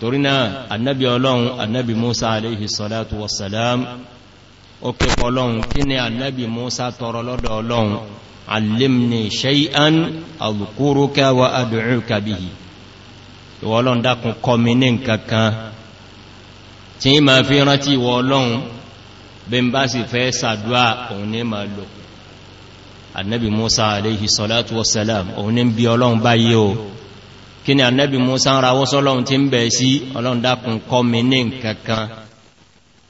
torí náà annabi ọlọ́run annabi musa aléhì sọ́látù wasalam ó kẹ́kọ́ ọlọ́run kí ni annabi musa tọrọ lọ́dọ̀ ọlọ́run alimni shay'an alukuruka wa adu'uka bihi ìwọ ọlọ́run dákun kọmi ní nkankan tí ma fi rántí ìwọ ọlọ́run bí n bá sì fẹ́ sàdúà òun ma lò annabi musa aléhì sọ́látù wasalam òun ní bí ọlọ́run báyé o kí ni annabi musa ń rawọ́ sọ́lọ́run tí ń bẹ̀ sí ọlọ́run dákùn kọ́ mi ní nkankan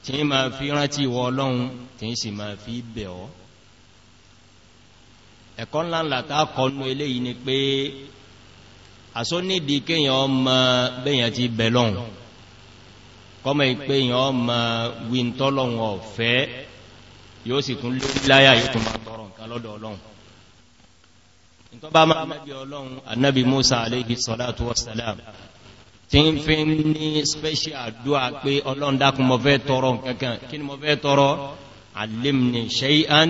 tí ń ma fi rántí ìwọ ọlọ́run tí ń sì ma fi bẹ̀ ọ́ ẹ̀kọ́ ńláńlá tá kọnu eléyìí ni pé àsó nídi kéèyàn ọmọ bẹ́yàn ti bẹ̀ lọ́run kọ́mọ ìpéyàn ọmọ wíntọ́lọ́run ọ̀fẹ́ yóò sì tún lórí láyà yóò tún ma tọrọ nǹkan lọ́dọ̀ ọlọ́run tó bá máa nẹ́bí ọlọ́run annabi musa aléhì sọ́látù wọ́sàlám tí ń fi ní special àdúwà pé ọlọ́run dákun mọ́ fẹ́ tọrọ kankan kí ni mọ́ fẹ́ tọrọ alimni shay'an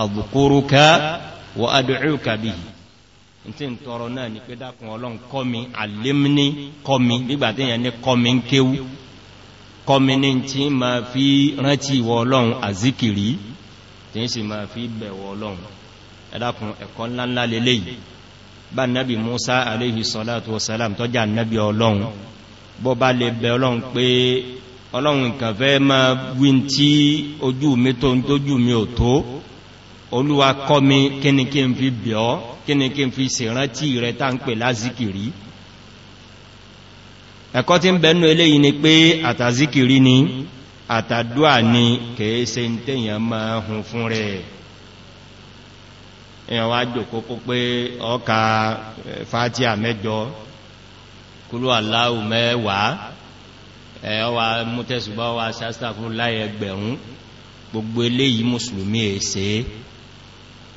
abukuruka wa adu'uka bi tí ń tọrọ náà ni pé dákun ọlọ́run kọmi alimni kọmi nígbà tí yẹn ní kọmi ń kéwú kọmi ní tí ma fi rántí ìwọ ọlọ́run azikiri tí ń sì ma fi bẹ̀wọ ọlọ́run ẹ̀dàkùn ẹ̀kọ́ ńláńlá lélẹ̀ yìí bá nẹ́bì musa aléhì sọ́látù wasalam tó jà nẹ́bì ọlọ́run bọ́ bá lè bẹ ọlọ́run pé ọlọ́run nǹkan fẹ́ ma wí tí ojú mi tó ń tójú mi ò tó olúwa kọ́ mi kíni kí n fi bẹ̀ ọ́ kíni kí n fi ni pé àtàzikìrí ni àtàdúà ni kèése èyàn wá jòkó kó pé ọkà fàtíà mẹ́jọ kúrò aláhù mẹ́wàá ẹ̀ọ́wà mútẹ́sùgbọ́ wà sástà fún láyẹ ẹgbẹ̀rún gbogbo eléyìí mùsùlùmí èsè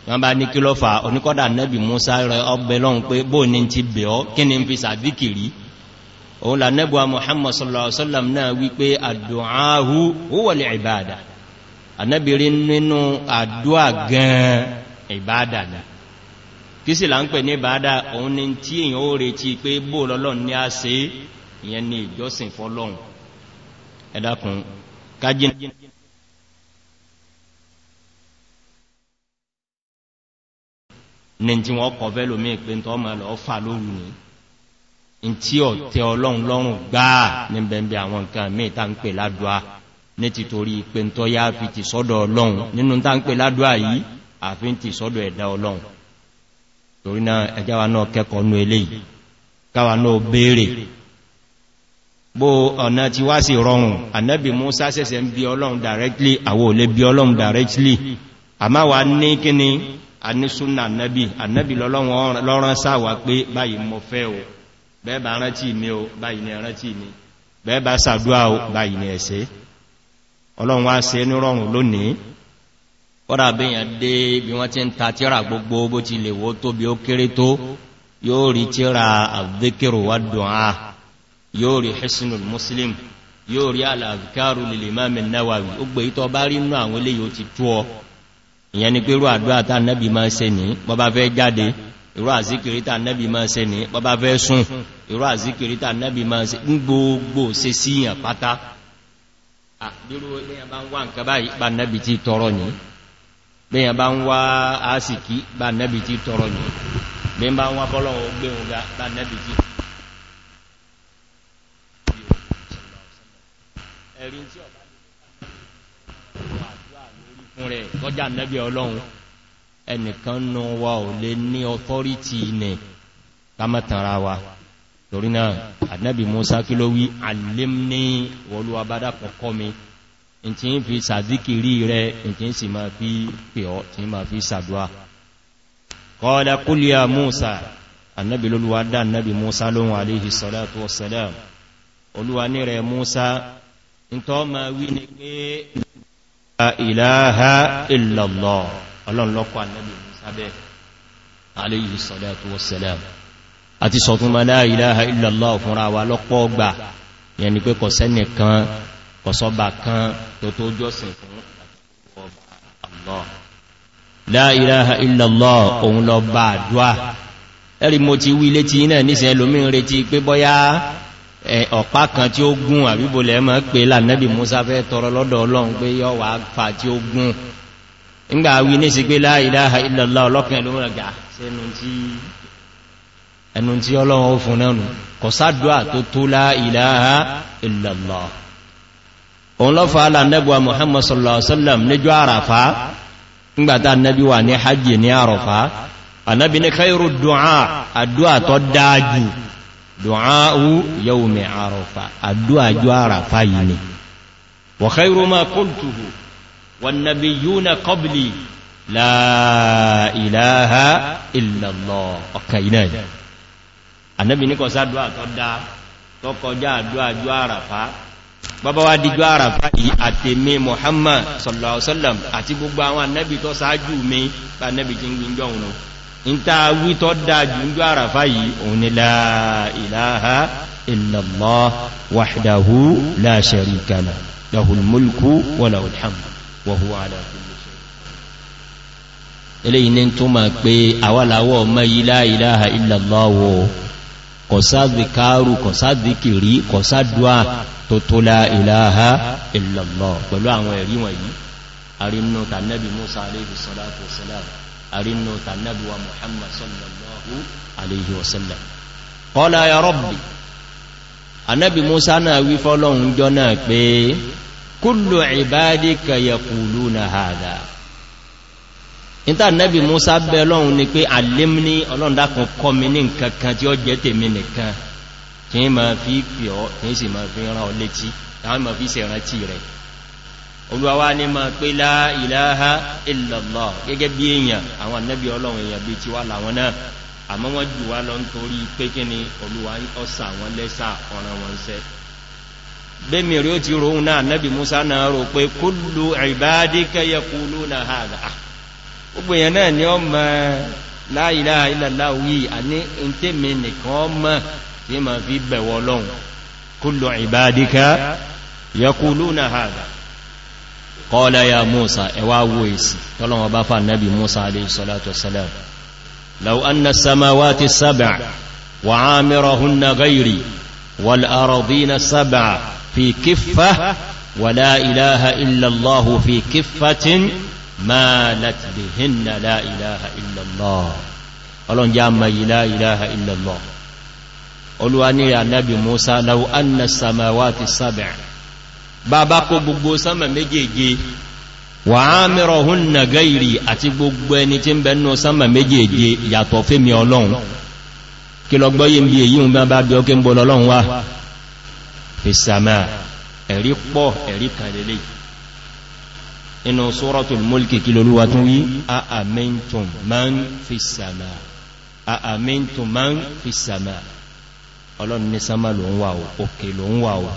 wọ́n bá ní kí ló fà oníkọ́dà nẹ́bì musa rẹ ọgbẹ̀ lọ́n pé bó ní ti bẹ̀ ọ́ kí ni fi sàdíkìrí òun là nẹ́bùwa muhammad sallallahu alaihi wasallam náà wípé àdùn ìbáadà ni kí sì là ń pè ní ìbáadà òun ni tí èyàn ó retí pé bóòlọ́lọ́n ní a ṣe ìyẹn ni ìjọsìn fọ́lọ́hun ẹ̀dàkùn kájínà ní tí wọ́n kọ̀ fẹ́ lómí pé tọ́ ma lọ fà lóru ní tí ọ̀ tẹ ọlọ́run lọ́rùn gbáà ní bẹ̀m̀bẹ̀ àwọn nǹkan mẹ́ta ń pè ládùá ní ti torí pé tọ́ yá fi ti sọ́dọ̀ ọlọ́run nínú tá ń pè ládùá yìí àfi ń ti sọ́dọ̀ ẹ̀dá ọlọ́run torí náà ẹjá wa náà kẹ́kọ̀ọ́ nú eléyìí káwa náà béèrè bó ọ̀nà ti wá sí rọrùn anẹ́bì musa sẹ́sẹ̀ ń bí ọlọ́run directly àwọ olè bí ọlọ́run directly a máa wà ní kíni a ní súnà anẹ́bì anẹ́bì lọ́rán sáwà pé báyìí mọ fẹ́ o bẹ́ẹ̀bà rántí mi o báyìí ni kọ́dà bíyàn dé bí wọ́n ti ń ta tíra gbogbo bó ti lè wó tó bí ó kéré tó yóò rí tíra àdékèrò wá dùnà yóò rí hìsínul muslim yóò rí alàfikàrù lè mọ́mí náwàwí ó gbé ìtọ́ bá rí inú àwọn ilé yóò ti tó ọ ìyẹn ni pé àdúrà bẹ́yàn bá ń wá àásìkí bá nẹ́bì tí tọrọ ní bẹ́yàn bá ń wá kọ́lọ̀wọ́ gbé ga bá nẹ́bì tí ẹ̀rin tí ọ̀bá fún rẹ̀ kọjá nẹ́bì ọlọ́run ẹnìkan nù wa ò lè ní ọtọ́rítì ilẹ̀ kámẹ́tànra wa torí náà ànẹ́bì musa kí ló wí tí ń fi sàdíkìrí rẹ̀ tí ń sì máa fi pè ọ́ tí ń máa fi sàdúwà kọ́ọ̀dá kúlíà Musa annabi lóluwa dá annabi Musa lóhun aléhì sọ́látù wasalam olúwa ní rẹ̀ Musa ń tọ́ ma wí ní pé ìlàáha illallah ọlọ́nlọ́kọ̀ annabi Musa bẹ́ aléhì sọ́látù wasalam àti sọ fún kọ̀sọ́bà kan tó tó jọ́sìn fún ọba allah la ilaha illallah òun lọ bá àdúwà ẹ̀rí mo ti wí létí iná nísẹ̀ lómín retí pé bọ́yá ọ̀pá kan tí ó gún àbíbolẹ̀ mọ́ pé lànẹ́bì musa fẹ́ tọrọ lọ́dọ̀ ọlọ́run pé yọ wà fà tí ó gún òun lọ́fà alànẹ́bùwa muhammad sallallahu alaihi wasallam níjọ́ àràfá ńgbàtà annabi wà ní hajji ní àràfá annabi ní kairu du'a àdúà tó dáájú du'a'u yau mai àràfá àdúà jù àràfá yìí ni wa kairu ma kultuhu wannabi yuna qabli la ilaha ọkà iná yìí bàbá wa dìjọ́ àràfà yìí àtèmé Muhammad sallallahu alaihi wasallam àti gbogbo àwọn anẹ́bì tó sáájú mi bá anẹ́bì tí ń gbí jọ òun ń ta wí tó dájú jọ àràfà yìí òun ni la ilaha illallah wahdahu la sharika lahu lahul mulku wa lahul hamd wa huwa ala kulli shay eléyìí ní kọ̀sá zikaru kọ̀sá zikiri kọ̀sá dua tó tó la ilaha illallah pẹ̀lú àwọn ẹ̀rí wọ̀nyí arínú tànàbí Musa alayhi salatu wasalam arínú tànàbí wa Muhammad sallallahu alayhi wasallam qala ya rabbi anábi Musa náà wí fọ́lọ́hun jọ náà pé kullu ibadika yaquluna hadha níta anábi Musa bẹ́ lọ́hun ni ọlọ́ndakùn kọ́ mi ní nǹkan tí ó jẹ́ tèmi nìkan kí n ma fi pè ọ́ kí n sì ma fi rán ọ létí láwọn ma fi ṣe rántí rẹ̀ olúwawá ní ma pé la ilaha illallah gẹ́gẹ́ bí èyàn àwọn annabi ọlọ́run èyàn bí ti wá làwọn náà àmọ́ wọ́n jù wá lọ nítorí pé kí ni olúwa ọsà wọn lẹ́sà ọ̀ràn wọn sẹ́ bẹ́mì rí ó ti rohun náà annabi musa náà rò pé kullu ibadika yaquluna hadha ah! gbogbo èyàn náà ni ọ mọ̀ la ilaha wí àní ìtẹ́mì nìkan mọ̀ tí ma fi bẹ̀wọ̀ lọ́un kullu ibadika yaquluna hadha qala ya Musa ẹwà wo èsì tọ́lọ́wọ́ bá fà nábi Musa alayhi salatu wassalam law anna samawati sab'a wa amirahunna ghayri wal aradina sab'a fi kiffah wa la ilaha illa Allah fi kiffatin malat bihinna la ilaha illa Allah ọlọ́njá ma yìí la ilaha illa Allah olúwa ní ànábì musa law anna samawati sab'a bàbá kó gbogbo sánmà méjèèje wà amirahunna gairi àti gbogbo ẹni tí ń bẹnú sánmà méjèèje yàtọ̀ fẹ́mi ọlọ́run kí lọ gbọ́ yìí ń bí èyí ń bá bí ọkẹ́ ń bọ́ lọ́lọ́run wá fi sàmà ẹ̀rí pọ̀ ẹ̀rí ọlọ́run ní sánmà ló ń wà ò òkè ló ń wà ò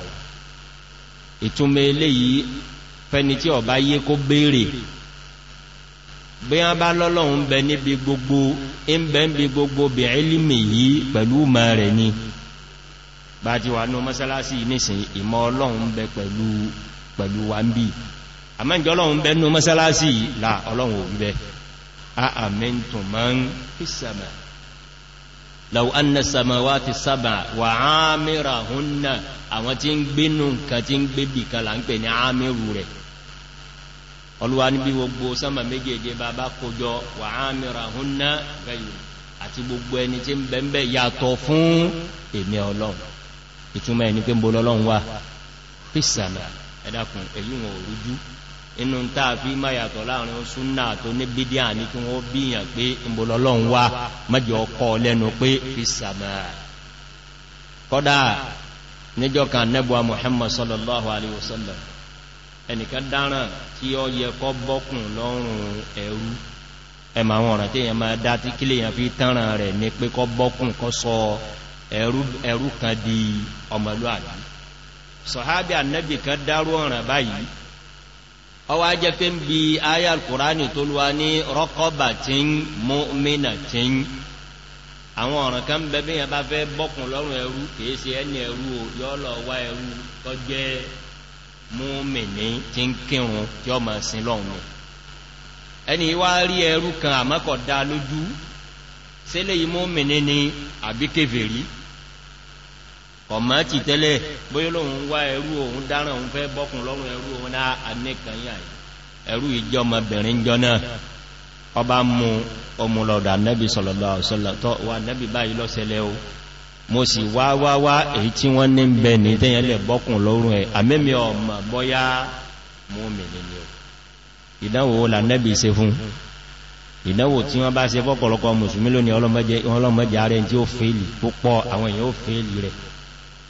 ìtúnmẹ́ eléyìí fẹ́ni tí ọba yé kó béèrè bí wọ́n bá lọ́lọ́run bẹ níbi gbogbo ń bẹ níbi gbogbo bí ẹlìmì yìí pẹ̀lú mọ́ rẹ̀ ni bá ti wà ní mọ́sálásí nísìn ìmọ̀ ọlọ́run bẹ pẹ̀lú pẹ̀lú wa ń bí àmẹ́jọ́ ọlọ́run bẹ ní mọ́sálásí là ọlọ́run ò bẹ a àmẹ́ntùn mọ́ ń pèsè àmẹ́ law anna samawati sab'a wa amirahunna àwọn tí ń gbénú nǹkan tí ń gbébì kan là ń pè ní àmìrù rẹ̀ Olúwa níbi gbogbo sánmà méjèèjì bàbá kójọ wa amirahunna gẹ̀yù àti gbogbo ẹni tí ń bẹ̀m̀bẹ̀ yàtọ̀ fún èmi Ọlọ́run ìtumọ̀ ẹni pé ń wà pìsàmà ẹ̀dàkùn èyí wọn òrújú inú ń tàà fi máa yàtọ̀ láàrin súnnà tó ní bídíà ní kí wọ́n bíyàn pé ìbòlọ́lọ́un wá mẹ́jọ ọkọ̀ lẹ́nu pé fi sàmà kọ́dá níjọ́ kan nẹ́bùwa Muhammad sallallahu alaihi wasallam ẹnìkan dáràn tí ó yẹ kọ́ bọ́kùn lọ́rùn ẹ̀rú ẹmà àwọn ọ̀ràn tí èyàn máa dá tí kílè èyàn fi tánràn rẹ̀ ní sọ̀hábí ànẹ́bì kan dárú ọ̀ràn báyìí ọwá jẹ́ pé ń bi ayé alkùránì tó lúwa ní rọ́kọ́bà tí ń mú mínà tí ń àwọn ọ̀ràn kan bẹ bí yẹn bá fẹ́ bọ́kùn lọ́rùn ẹrú kìí ṣe ẹni ẹrú o yọ́lọ̀ wá ẹrú tó mú mìní tí ń kírun tí ọmọ sin lọ́rùn ẹni wá rí ẹrú kan àmọ́kọ̀dá lójú sílé yìí mú mìní ni àbí ọ̀mọ́ ti tẹ́lẹ̀ bóyá lóun wá ẹrú òun dáràn òun fẹ́ bọ́kùn lọ́rùn ẹrú òun náà anẹ́kànyà ẹrú ìjọ ọmọbìnrin jọ náà ọba mú ọmọlọ́dọ̀ anẹ́bì sọ̀lọ̀lọ́ mo sì wá wá wá èyí tí wọ́n ní bẹ̀ ní tẹ́yẹn lẹ̀ bọ́kùn lọ́rùn ẹ̀ àmẹ́mí ọmọ bọ́yá mọ́mí nínú ìdánwò lànẹ́bì se fún ìdánwò tí wọ́n bá se fọ́pọ̀lọpọ̀ mùsùlùmí lónìí ọlọ́mọdé ààrẹ tí ó fèèlì púpọ̀ àwọn èèyàn ó fèèlì rẹ̀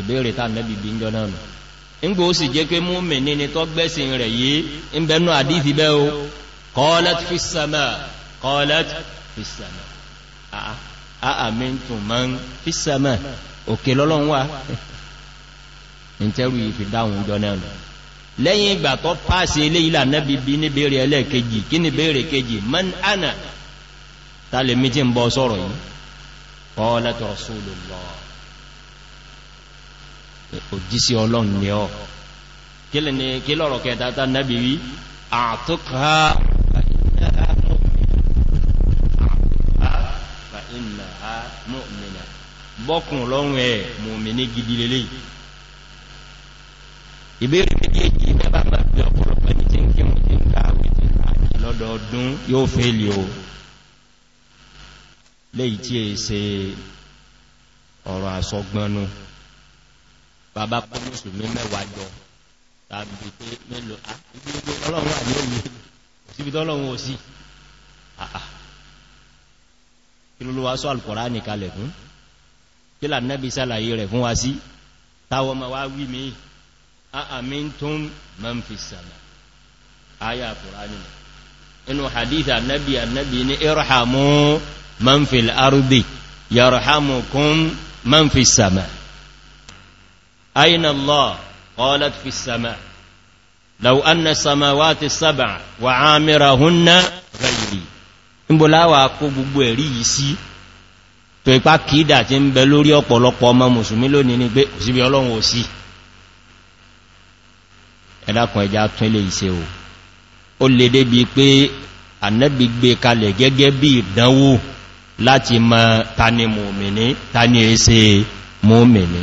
ìbéèrè tá nẹ́bí bí ń jọ náà nù ńgbò ó sì jẹ́ pé múmi ní ni tó gbẹ́sìn rẹ̀ yìí ń bẹnu àdífi bẹ́ o kọ́ọ̀lẹ́t fi sàmà kọ́ọ̀lẹ́t fi sàmà àmì tún ma ń fi sàmà òkè lọ́lọ́run wà ní tẹ́rù yìí fi dáhùn jọ náà nù lẹ́yìn òjísí ọlọ́run ni ọ kí lọ́rọ̀ kẹta tá nábi wí àtúkà ìnàá mọ́mìnà bọ́kùn lọ́rùn ẹ̀ mọ̀mìnì gidi lélẹ̀ ìbéèrè méjèèjì mẹ́bà bá bí ọ̀pọ̀lọpọ̀ ní tí ń kí mú tí ń ká àwẹ̀ tí àjì lọ́dọọdún yóò fẹ́ lè o léyìí tí è ṣe ọ̀rọ̀ àsọgbọ́nú bàbá kó mùsùlùmí mẹ́wàá jọ tàbí pé mélòó à ah, ibi gbogbo ọlọ́run wà ní òní síbi tó ọlọ́run ò sí àà ah, ah. kí ló ló wá sọ alùkọ̀rá nìkalẹ̀ fún kí là nẹ́bí sálàyé rẹ̀ fún wa sí táwọn ọmọ wá wí mi àmì tó mọ́n fi sàmà ayà alùkọ̀rá inú hadith annabi annabi ni irhamu man fil ardi yarhamukum man أين الله قالت في السماء لو أن السماوات السبع وعامرهن غيري níbo láwà kó gbogbo ẹ̀rí yìí sí tó ipá kìídà tí ń bẹ lórí ọ̀pọ̀lọpọ̀ ọmọ mùsùlùmí lónìí ní pé òsìbí ọlọ́run ò sí ẹ̀dàkùn ẹja tún ilé ìṣẹ́ o ó lè débi pé ànẹ́bì gbé kalẹ̀ gẹ́gẹ́ bí ìdánwò láti mọ tani mòmìnì tani èsè mòmìnì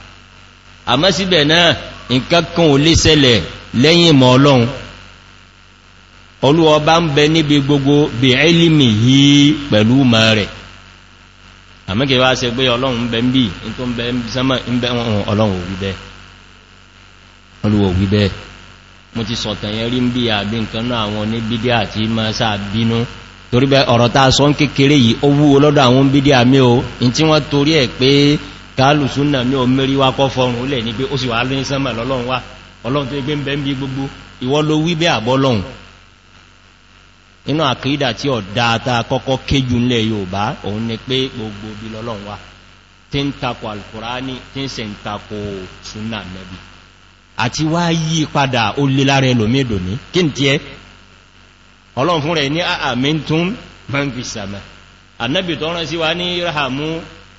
àmọ́ síbẹ̀ náà nǹkan kan ò lè ṣẹlẹ̀ lẹ́yìn ìmọ̀ ọlọ́run olúwọ bá ń bẹ níbi gbogbo bí ẹ́lìmì yìí pẹ̀lú ma rẹ̀ àmọ́kẹ́ wá ṣe pé ọlọ́run bẹ ń bí tó ń bẹ sánmà ń bẹ wọn ọlọ́run òwú bẹ́ olúwọ òwú bẹ́ kàálù súnà ní omeri wá kọ́ fọrùn lẹ̀ ní pé ó sì wà ní sánmà lọ́lọ́run wá ọlọ́run tó gbé ń bẹ́ ń bí gbogbo ìwọ ló wí bẹ́ àbọ́lọ́run nínú àkídà tí ọ̀ dáadáa kọ́kọ́ kéjù ńlẹ̀ yóòbá òun ni pé gbogbo bí lọ́lọ́run wá tí rahamu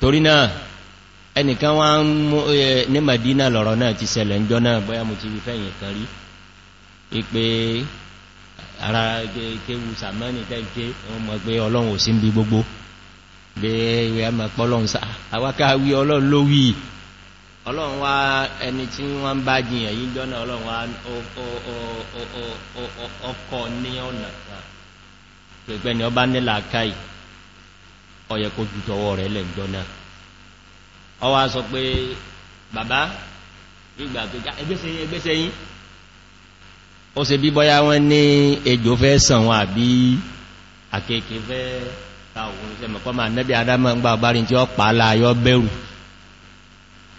torí náà ẹnìkan wá ń mú ní Madina lọ̀rọ̀ náà ti ṣẹlẹ̀ ń jọ náà bóyá mo ti rí fẹ́yìn kan rí ipé ara kéwù sàmánì tẹ́ǹkẹ́ wọ́n mọ̀ pé ọlọ́run ò sí ń bí gbogbo gbé ìwé àmà pọ́lọ́run sá àwákàwí ọlọ́run ló wí ọlọ́run wá ẹni tí wọ́n ń bá jiyàn yí jọ́nà ọlọ́run wá ọkọ̀ ní ọ̀nà pẹ̀pẹ̀ ni ọba nílà káyìí ọyẹ kó jù tọwọ́ rẹ̀ lẹ́jọ́ náà ó wá sọ pé bàbá ìgbà tó já ẹgbẹ́sẹ̀yìn ẹgbẹ́sẹ̀yìn ó ṣe bí bọ́yá wọ́n ní ejò fẹ́ sàn wọn àbí àkèké fẹ́ ta òun ṣe mọ̀kọ́ máa nẹ́bí adámọ́ ń gbà bárin tí ó pa láyọ́ bẹ̀rù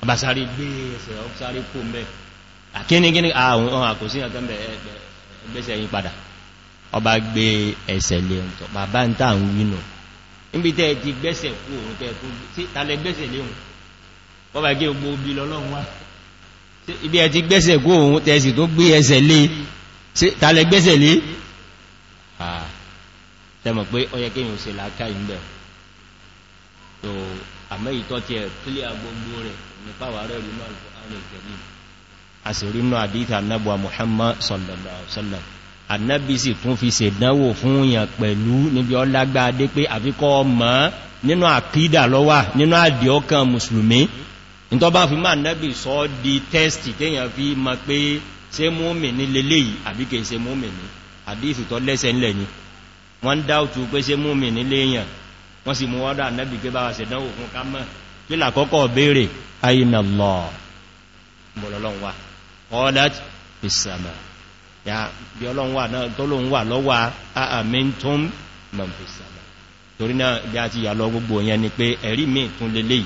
àbásáré gbé gbé ẹsẹ̀ lè níbi tẹ́ ti gbẹ́sẹ̀ kú òun tẹ́ tó sí tàlẹ̀ gbẹ́sẹ̀ léhun wọ́n bá gé gbogbo obi lọ́lọ́run wá ibi ẹ ti gbẹ́sẹ̀ kú òun tẹ́ sì tó gbé ẹsẹ̀ lé sí tàlẹ̀ gbẹ́sẹ̀ lé tẹ́mọ̀ pé ọyẹ kéyàn se láká ìgbẹ̀ tó àmẹ́ ìtọ́ ti ẹ̀ kílé agbogbo rẹ̀ nípa wà rẹ̀ rí náà alùpùpù àwọn ìgbẹ̀lẹ̀ àsìrí náà àdíta náà annabi sì tún fi ṣèdánwò fún yàn pẹ̀lú níbi ọlágbàdé pé àfikọ́ ọmọ nínú àkídà lọ́wà nínú àdì ọkàn musulmi ní tó bá fi máa annabi sọ di tẹ́stì téyàn fi ma pé ṣe múmìnì lélẹ́yìí àbíkẹ́ ṣe múmìnì àdífì tó lẹ́sẹ̀ ńlẹ̀ ni wọ́n ń dáútù pé ṣe múmìnì léyàn wọ́n sì mú wọ́dá annabi pé bá wa ṣèdánwò fún ká mọ́ kí làkọ́kọ́ béèrè ayinallah mọ̀lọ́lọ́wà ọ̀dá ìsàmà ya bí ọlọ́run wà náà tó lóun wà lọ́wà àmìntún mọ̀fẹ́sàmà torí náà bí a ti yà lọ gbogbo yẹn ni pé ẹ̀rí mi tún lè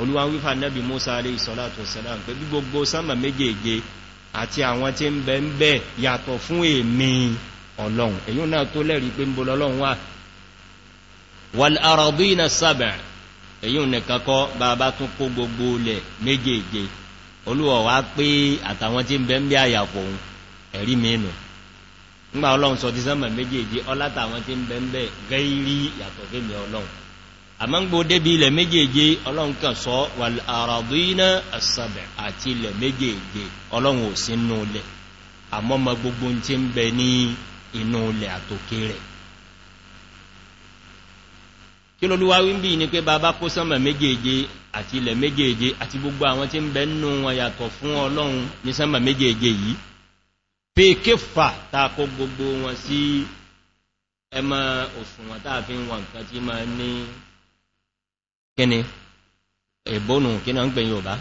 Oluwa olúwa wífà nẹ́bí Musa alẹ́ ìsọ́látọ̀ sẹ́lá pé bí gbogbo sánmà méjèèje àti àwọn tí ń bẹ ń bẹ yàtọ̀ fún èmi ọlọ́run èyí náà tó lẹ́rìí pé ń wal aradina sab'a èyí nìkan kọ́ bàbá tún kó gbogbo lẹ̀ méjèèje olúwa wá pé àtàwọn tí ń bẹ ń ẹ̀rí mẹ́nu ńgbà ọlọ́run sọ ti sánmà méjèèjì ọlátàwọn tí ń bẹ ń bẹ gẹ́rí yàtọ̀ fẹ́mi ọlọ́run àmá ń gbó débi ilẹ̀ méjèèjì ọlọ́run kan sọ wàlàràdúínà àsàbẹ̀ àti ilẹ̀ méjèèjì ọlọ́run ò sí inú ilẹ̀ àmọ́ ma gbogbo tí ń bẹ ní inú ilẹ̀ àtòkè rẹ̀ kí lolúwa wí ń bí ní pé bàbá àti gbogbo àwọn tí ń bẹ nínú wọn yàtọ̀ fún ọlọ́run ní sánmà méjèèjì yìí fi kífà tako gbogbo wọn sí ẹmọ òṣùwọ̀n tàà fi ń wọn nǹkan tí ma ní kíni ìbónù kína ń pè yóò bá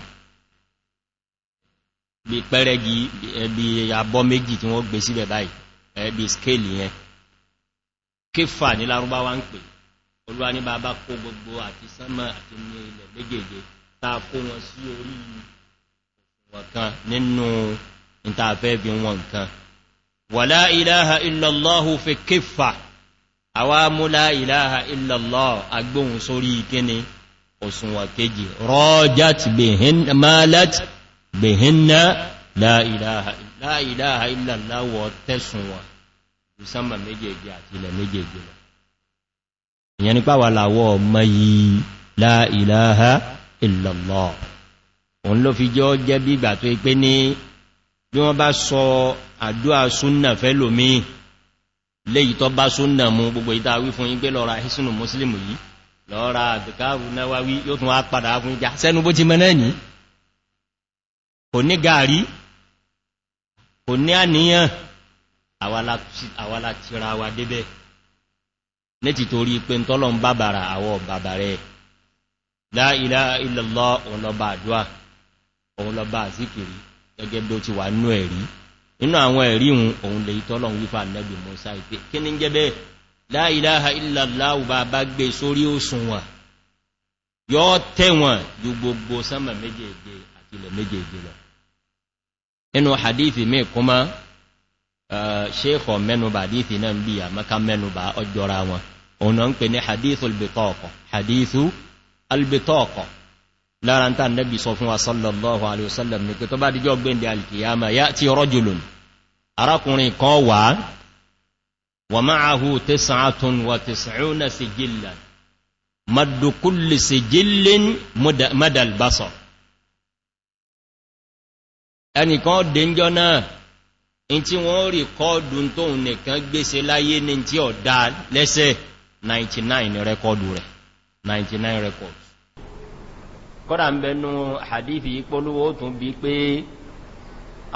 bí pẹ́rẹ́gì ẹbí àbọ́ méjì tí wọ́n gbé síbẹ̀ báyìí ẹbí skéèlì yẹn kífà ní lárúbáwá ń pè olúwa ní bàbá kó gbogbo àti sánmà àti ní ilẹ̀ méjèèjì ta wọn sí orí òṣùwọ̀n nínú níta fẹ́ bí wọn nǹkan wàlá ìlàhà ìlọ́lọ́hù fi kífà àwá múlá ìlàhà ìlọ́lọ́ agbóhun sórí ìkíni òsùnwà kejì rọ́ját gbèhínná láìláha ìlàláwọ̀ tẹ́sùnwà ìsánmà méjèèjì àti ilẹ̀ méjèèjì lọ ìyẹn nípa wà láwọ́ ọmọ yìí láìláha ìlọ́lọ́ òun ló fi jọ jẹ́ bí ìgbà tó ipé ní bí wọ́n bá sọ àdúwà súnnà fẹ́ lòmí léyìí tọ́ bá súnnà mú gbogbo ìta wí fún igbé lọ́ra ìsìnù mùsùlùmù yìí lọ́ra àdìkáàrù náwà wí yóò tún wá padà fún ìjà sẹ́nu bó ti mẹ́ náà ní kò ní gàárí kò ní àníyàn àwàlá tira wa débẹ̀ ní ti torí pé òun lọ bá àdúwà òun lọ bá àzíkìrì gẹ́gẹ́ bí ó ti wà nú ẹ̀rí inú àwọn ẹ̀rí òun lè tọ́lọ̀ wípa nẹ́bì mọ́sá ìpé kí ní jẹ́ bẹ́ẹ̀ láìláha ìlàláwù bá bá gbé sórí òsùnwọ̀n yọ́ tẹ́wọ̀n ju gbogbo sánmà méjèèjì àti ilẹ̀ méjèèjì lọ inú hadithi mẹ́ kúmá ṣeéhọ̀ mẹ́nubà hadithi náà bí i àmọ́ká mẹ́nubà ọjọ́ra wọn òun náà ń pè ní hadithu albitọ́ọ̀kọ̀ lára ń tàn nẹ́bì sọ fún wa sallallahu alaihi wasallam ní pé tó bá díjọ́ gbẹ́ndẹ̀ alkiyama ya ti rọ́jùlùn arákùnrin kan wà wà máàhù tẹ́sàátún wà tẹ́sàáúnà sí jìlá madukulli sí jìllín madalbasa ẹnìkan dẹ́njọ́ náà in tí wọ́n rí kọ́ọ̀dùn tóun nìkan gbéṣe láyé ní tí ọ̀dá lẹ́sẹ̀ 99 rẹ́kọ́ọ̀dù rẹ̀ 99 rẹ́kọ́ọ̀dù kọ́dà ń bẹnu hadithi ìpolówó tún bí pé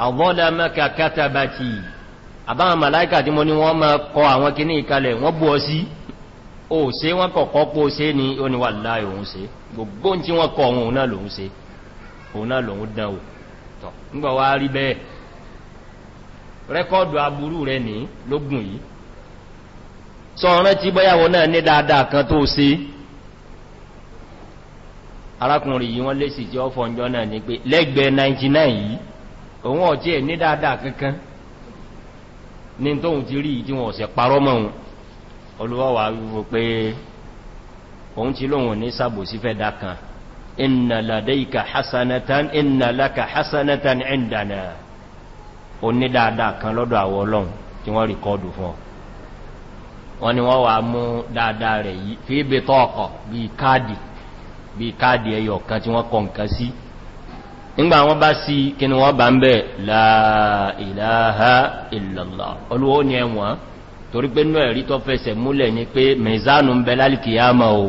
àwọ́dámẹ́ka kátàbàtì àbáwọn màláìkà tí mo ní wọ́n kọ àwọn kìíní ìkalẹ̀ wọ́n bú ọ sí o ṣe wọ́n kọ̀kọ́ pó ṣe ni ó ni wà láì òun ṣe gbogbo tí wọ́n kọ òun náà lòun arákùnrin yìí wọ́n lé sì tí ó fọ́njọ́ náà ní pé lẹ́gbẹ̀ẹ́ 99 yìí òun ọ̀tí ẹ̀ ní dáadáa kankan ní tóhun ti rí tí ọ̀sẹ̀ parọ́ mọ́ olúwọ́wà pe pé òun ti lóhun ní sàbò sí fẹ́ dákan inna ladaika hasanatan inna bí káàdì ẹyọ kan tí wọ́n kọ nǹkan sí nígbà wọ́n bá sí kí ni wọ́n bá ń bẹ̀ la ilaha illallah olúwó ní ẹ̀wọ̀n torí pé ní ẹ̀rí tó fẹsẹ̀ múlẹ̀ ni pé mẹ́zánù ń bẹ lálìkìyàmà o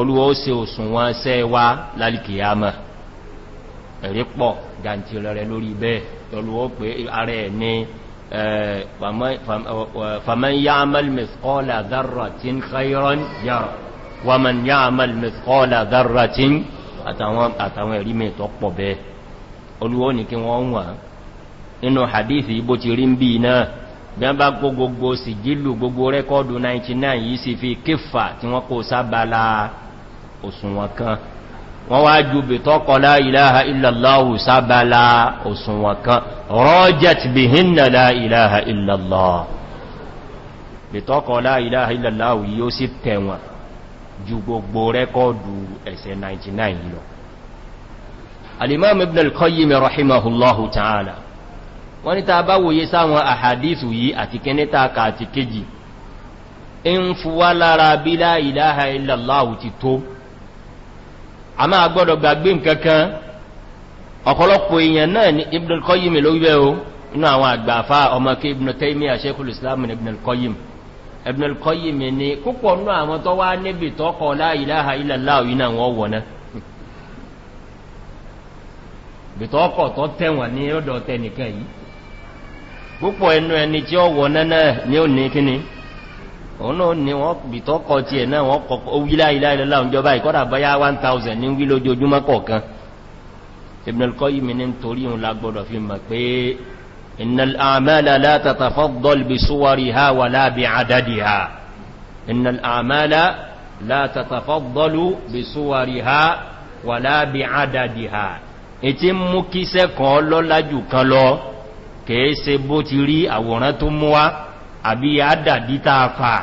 olúwó se òsùn wọn sẹ́ wá lálìkìyàmà ẹ̀rí pọ̀ wà mọ̀ ní àmàl mẹ́kọ́lá dára tí àtàwọn ẹ̀rí mẹ́tọ́ pọ̀ bẹ́ olúwọ́ ní kí wọ́n wà inú hadithi ibo ti rí ń bí náà bí wọ́n bá gbogbo sì jílù gbogbo rẹ́kọ́ọ̀dù 99 yìí sì fi kífà tí wọ́n kó sábàlá òsùnwọ̀n kan wọ́n wá ju bètọ́kọlá ìlàhà ìlàláhù yóò sì tẹ̀wọ̀n ju gbogbo rẹ́kọ́ọ̀dù ẹ̀sẹ̀ 99 lọ alimami ibn al-qayyim rahimahullahu ta'ala wọ́n ni ta bá wòye sáwọn àhàdìsù yìí àti kẹnẹta ka àti kejì in fuwa lára bí la ilaha illallahu ti tó a máa gbọ́dọ̀ gbàgbé nkankan ọ̀pọ̀lọpọ̀ èèyàn náà ni ibn al-qayyim ló wíwẹ́ o inú àwọn àgbàfà ọmọ kí ibn taymiyya ibn al-qayyim ni púpọ̀ nínú àwọn tó wá níbi tó kọ la ilaha illallah iná wọn wọ̀ná bìtọ́kọ̀ tó tẹ̀wọ̀n ní ọ̀dọ̀ tẹnìkan yìí púpọ̀ ẹnu ẹni tí ó wọ̀ná náà ní ò ní kíni òun náà ni wọ́n bìtọ́kọ̀ tí ẹ̀ náà wọ́n kọ̀kọ́ wí la ilaha illallah ìjọba إن الأعمال لا تتفضل بصورها ولا بعددها إن الأعمال لا تتفضل بصورها ولا بعددها إتم مكيس كل لجوك لو كيس بوتيري أورنتموا أبي عدد تافا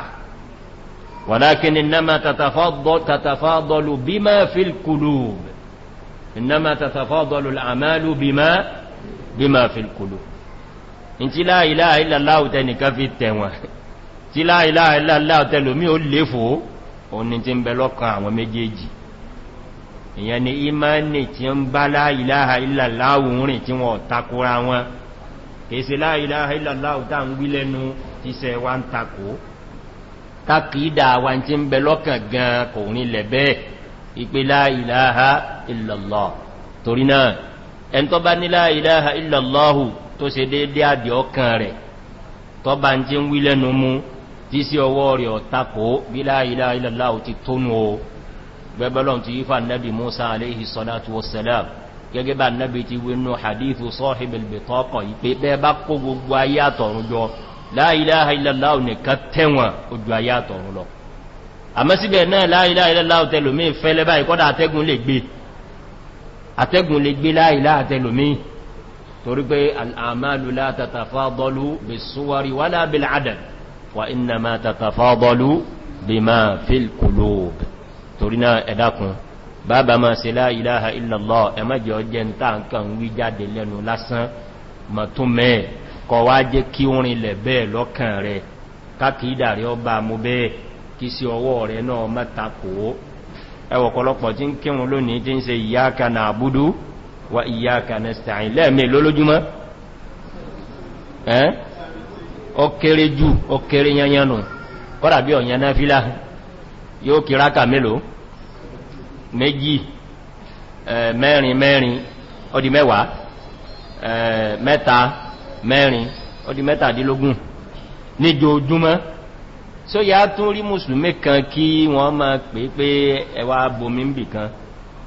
ولكن إنما تتفضل, تتفاضل بما في القلوب إنما تتفاضل الأعمال بما بما في القلوب in ti la ilaha illallah tẹnìkan fi tẹ̀wọ̀n tí la ilaha illallah tẹlòmí ó léfò òní tí ń bẹ lọ́kàn àwọn méjèèjì ìyẹn ni imani tí ń bá la ilaha illallah rìn tí wọ́n takora wọn kèsè la ilaha illallah tá ń wí lẹ́nu ti sẹ wá ń takò takìídà tó bá ní la ilaha illallahu tó ṣe déédé àdì ọkàn rẹ̀ tó bá ń tí ń wí lẹ́nu mú tí sí ọwọ́ rẹ̀ ọ̀takò bí la ilaha illallah ti tónú o gbẹ́bẹ́lọ́n ti yífà nẹ́bì Musa aléhì sọ́látù wasalam gẹ́gẹ́ bá nẹ́bì ti wínú hadithu sọ́hìbìl bìtọ́kọ̀ ìpé bẹ́ẹ̀ bá kó gbogbo ayé àtọ̀run jọ la ilaha illallah nìkan torí pé al'amalu la tatafadalu bí súwárí wala bil adad wa inna ma tatafadalu bí ma fil qulub torí náà ẹ̀dàkùn bàbá ma ṣe la ilaha illallah ẹ má jẹ́ ọjẹ́ ń tàà nǹkan wí jáde lẹ́nu lásán ma tún mẹ́ kọ wá jẹ́ kí orin lẹ̀ bẹ́ẹ̀ lọ́kàn rẹ̀ kákìídà rẹ̀ wa iyyaka nasta'in lẹ́ẹ̀mẹ́ lólójúmọ́ ẹ́n ó kéré jù ó kéré yányánù kọ́dà bí ọ̀yán náà fílá yóò kí ráka mélòó méjì mẹ́rin mẹ́rin ó mẹ́wàá mẹ́ta mẹ́rin ó mẹ́tàdínlógún níjojúmọ́ so ya tún rí mùsùlùmí kan kí wọ́n máa pè pé ẹwà bomi ń bì kan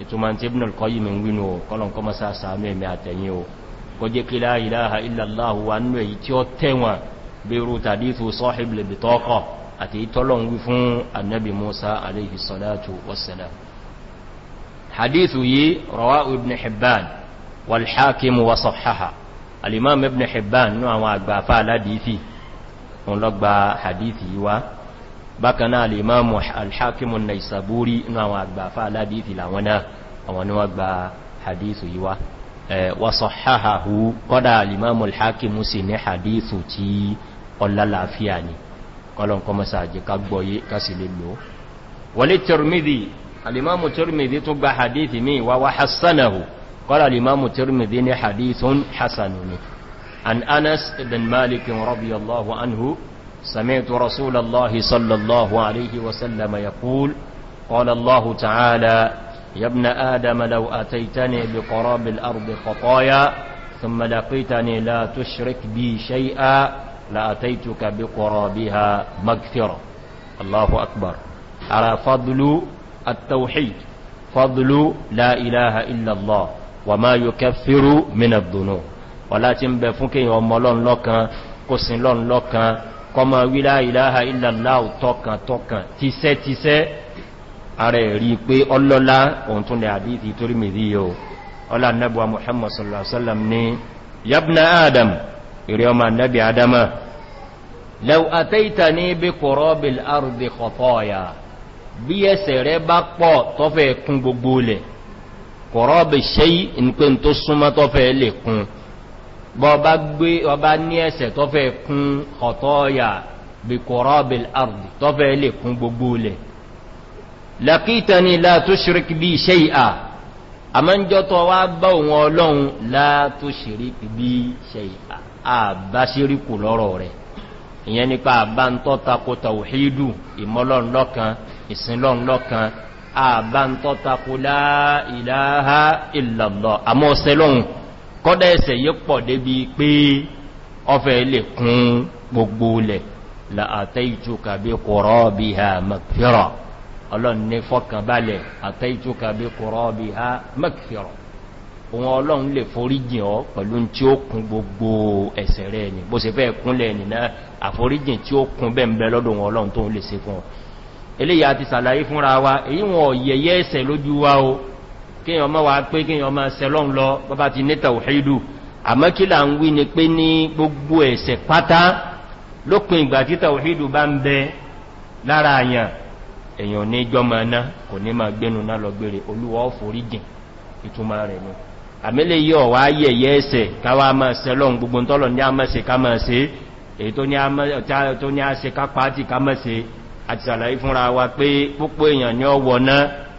ìtumọ̀ tí ibn al-Qayyim ń wínú kọlọ̀n kọmọ sáàsánú ẹ̀mí àtẹ̀yìn o kó jẹ́ kí la ilaha illallah wa nínú èyí tí ó tẹ́wọ̀n bèèrú tàdífù sahib al-bitaqa àti ìtọ́lọ̀n wí fún annabi Musa alayhi salatu wassalam hadithu yìí rawahu ibn Hibban wal hakim wa bákanáà lè máa mọ̀ alhakimun na ìsàbúrí inú àwọn àgbàfà aládìífì làwọn náà àwọn ni wọ́n gba hadithu yí wá wasọ̀háhàhú kọ́dà alìmáàmù alhakimu sì ní hadithu tí ọlálàáfíà ni kọlọ̀n kọmọsà jẹ ká سمعت رسول الله صلى الله عليه وسلم يقول قال الله تعالى يا ابن آدم لو أتيتني بقراب الأرض خطايا ثم لقيتني لا تشرك بي شيئا لأتيتك بقرابها مغفرة الله أكبر على فضل التوحيد فضل لا إله إلا الله وما يكفر من الذنوب ولكن بفكي وملون لك قسن لون لك kọmọ wílá ìláha ìlàláà tọkàntọkàn tíṣẹ́ tíṣẹ́ ààrẹ rí pé ọlọ́lá ohun tún lè àdíti torí mìí yóò ọlá nẹ́bùwa muhammad sallallahu alaihi wasallam ní yabna adam ìrẹ́ ọmọ nẹ́bì adama lẹ́w àtẹ́ìta ní bí kọ̀rọ̀bìl ardi kọ̀tọ́ọ̀yà bí ẹsẹ̀ rẹ bá pọ̀ tọ́fẹ́ kún gbogbo lẹ̀ kọ̀rọ̀bì bọba gbé ọba ní ẹsẹ̀ tó fẹ́ kún ọ̀tọ́ọ̀yà bí kọ̀rọ̀bìl ardi tó fẹ́ lè kún gbogbo lẹ̀ lakítani la tushrik bí shay'a a ma ń jọtọ̀ wá bá òun ọlọ́run la tushrik bí shay'a a bá ṣíríkù lọ́rọ̀ kọ́dá ẹsẹ̀ yí pọ̀ débi pé ọfẹ́ lè kún gbogbo lẹ̀ láàtẹ́ ìtúkà bí kọ̀rọ̀ bí ha makfira ọlọ́run ní fọ́kàn balẹ̀ àtẹ́ ìtúkà bí kọ̀rọ̀ bí ha makfira òun ọlọ́run lè foríjìn ọ pẹ̀lú tí ó kún gbogbo ẹsẹ̀ rẹ̀ ni bó ṣe fẹ́ kúnlẹ̀ nìna àforíjìn tí ó kún bẹ́ẹ̀ lọ́dọ̀ wọn ọlọ́run tó ń lè ṣe fún ọ eléyà ti sàlàyé fúnra wa èyí wọn ọ̀yẹ̀yẹ́ ẹsẹ̀ lójú wa o kíyàn ọmọ wà pé kíyàn ọmọ sẹlọ́n lọ bọ́bá ti ní tàwíìdù àmọ́ kí là ń wí ni pé ní gbogbo ẹ̀sẹ̀ pátá lópin ìgbà tí tàwíìdù bá ń bẹ lára àyàn èyàn ní jọmọ náà kò ní máa gbénu náà lọ gbére olúwa se ká se èyí tó ní a se ká se àti sàlàyé fúnra wa pé púpọ̀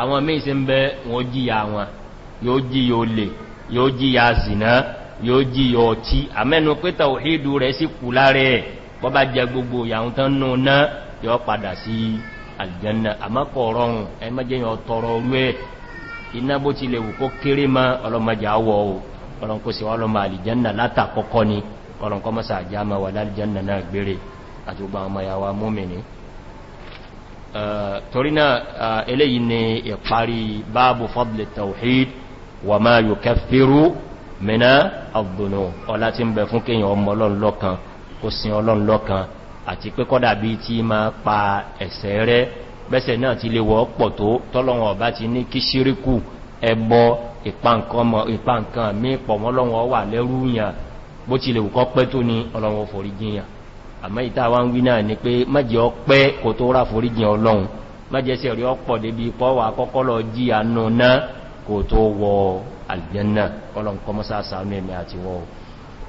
àwọn mẹ́sí ń bẹ wọ́n jíyà wọn yóò jíyà olè yóò jíyà zìná yóò jíyà ọtí àmẹ́nu pẹ́ta òhìdú rẹ̀ sí kù láàrẹ ẹ̀ bọ́ bá jẹ gbogbo ìyàwó tán nù náà yóò padà sí aljanna àmọ́kọ̀ rọrùn ẹ mẹ́jẹ́ yàn tọrọ orú ẹ̀ iná bó ti lè wù kó kéré mọ́ ni àti gbogbo àwọn ọmọ yàwó múmìnir torina uh, eléyìí ni ìparí báàbù fadli tawhid wa ma yukaffiru mina adùnú ọlá tí ń bẹ fún kíyàn ọmọ ọlọ́n lọ́kan kó sin ọlọ́n lọ́kan àti pé kọ́dà bí tí ma pa ẹ̀ṣẹ̀ rẹ̀ bẹ́sẹ̀ náà ti lè wọ́ pọ̀ tó tọ́lọ́wọ̀n ọba ti ní kí ṣíríkù ẹbọ ìpa nǹkan mí pọ̀ mọ́lọ́wọ̀n wà lẹ́rú yàn bó ti lè wùkọ́ pẹ́ tó ní ọlọ́wọ̀n àmọ́ ìta wá ń wí náà ni pé mẹ́jẹ́ ọpẹ́ kò tó rá foríjìn ọlọ́run mẹ́jẹ́ sí ọ̀rí ọpọ̀ débi pọ́wà kọ́kọ́lọ jí àánú náà kò tó wọ aljanna kọlọ̀n kọmọ́sá sàánú ẹ̀mẹ́ àti wọ́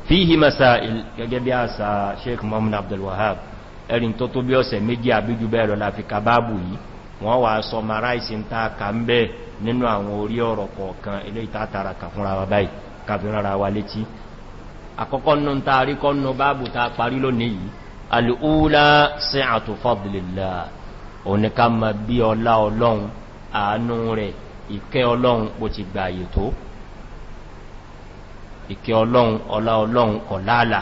fíhí masá gẹ́gẹ́ bí àṣà sheikh mohamed abdulwahab ẹ̀rin tó tó bí ọ̀sẹ̀ méjì àbíjú bẹ́ẹ̀ lọ láfi kabáàbù yìí wọ́n wà sọ maraisi ń ta ka ń bẹ́ ta àríkọ́ nù báàbù ta parí lónìí al'ula sí àtúfàdìlìlá oníká ma bí ọlá ọlọ́run àánú rẹ̀ ìkẹ́ ọlọ́run bó ti gbààyè tó ìkẹ́ ọlọ́run ọlá ọlọ́run kọ̀láàlà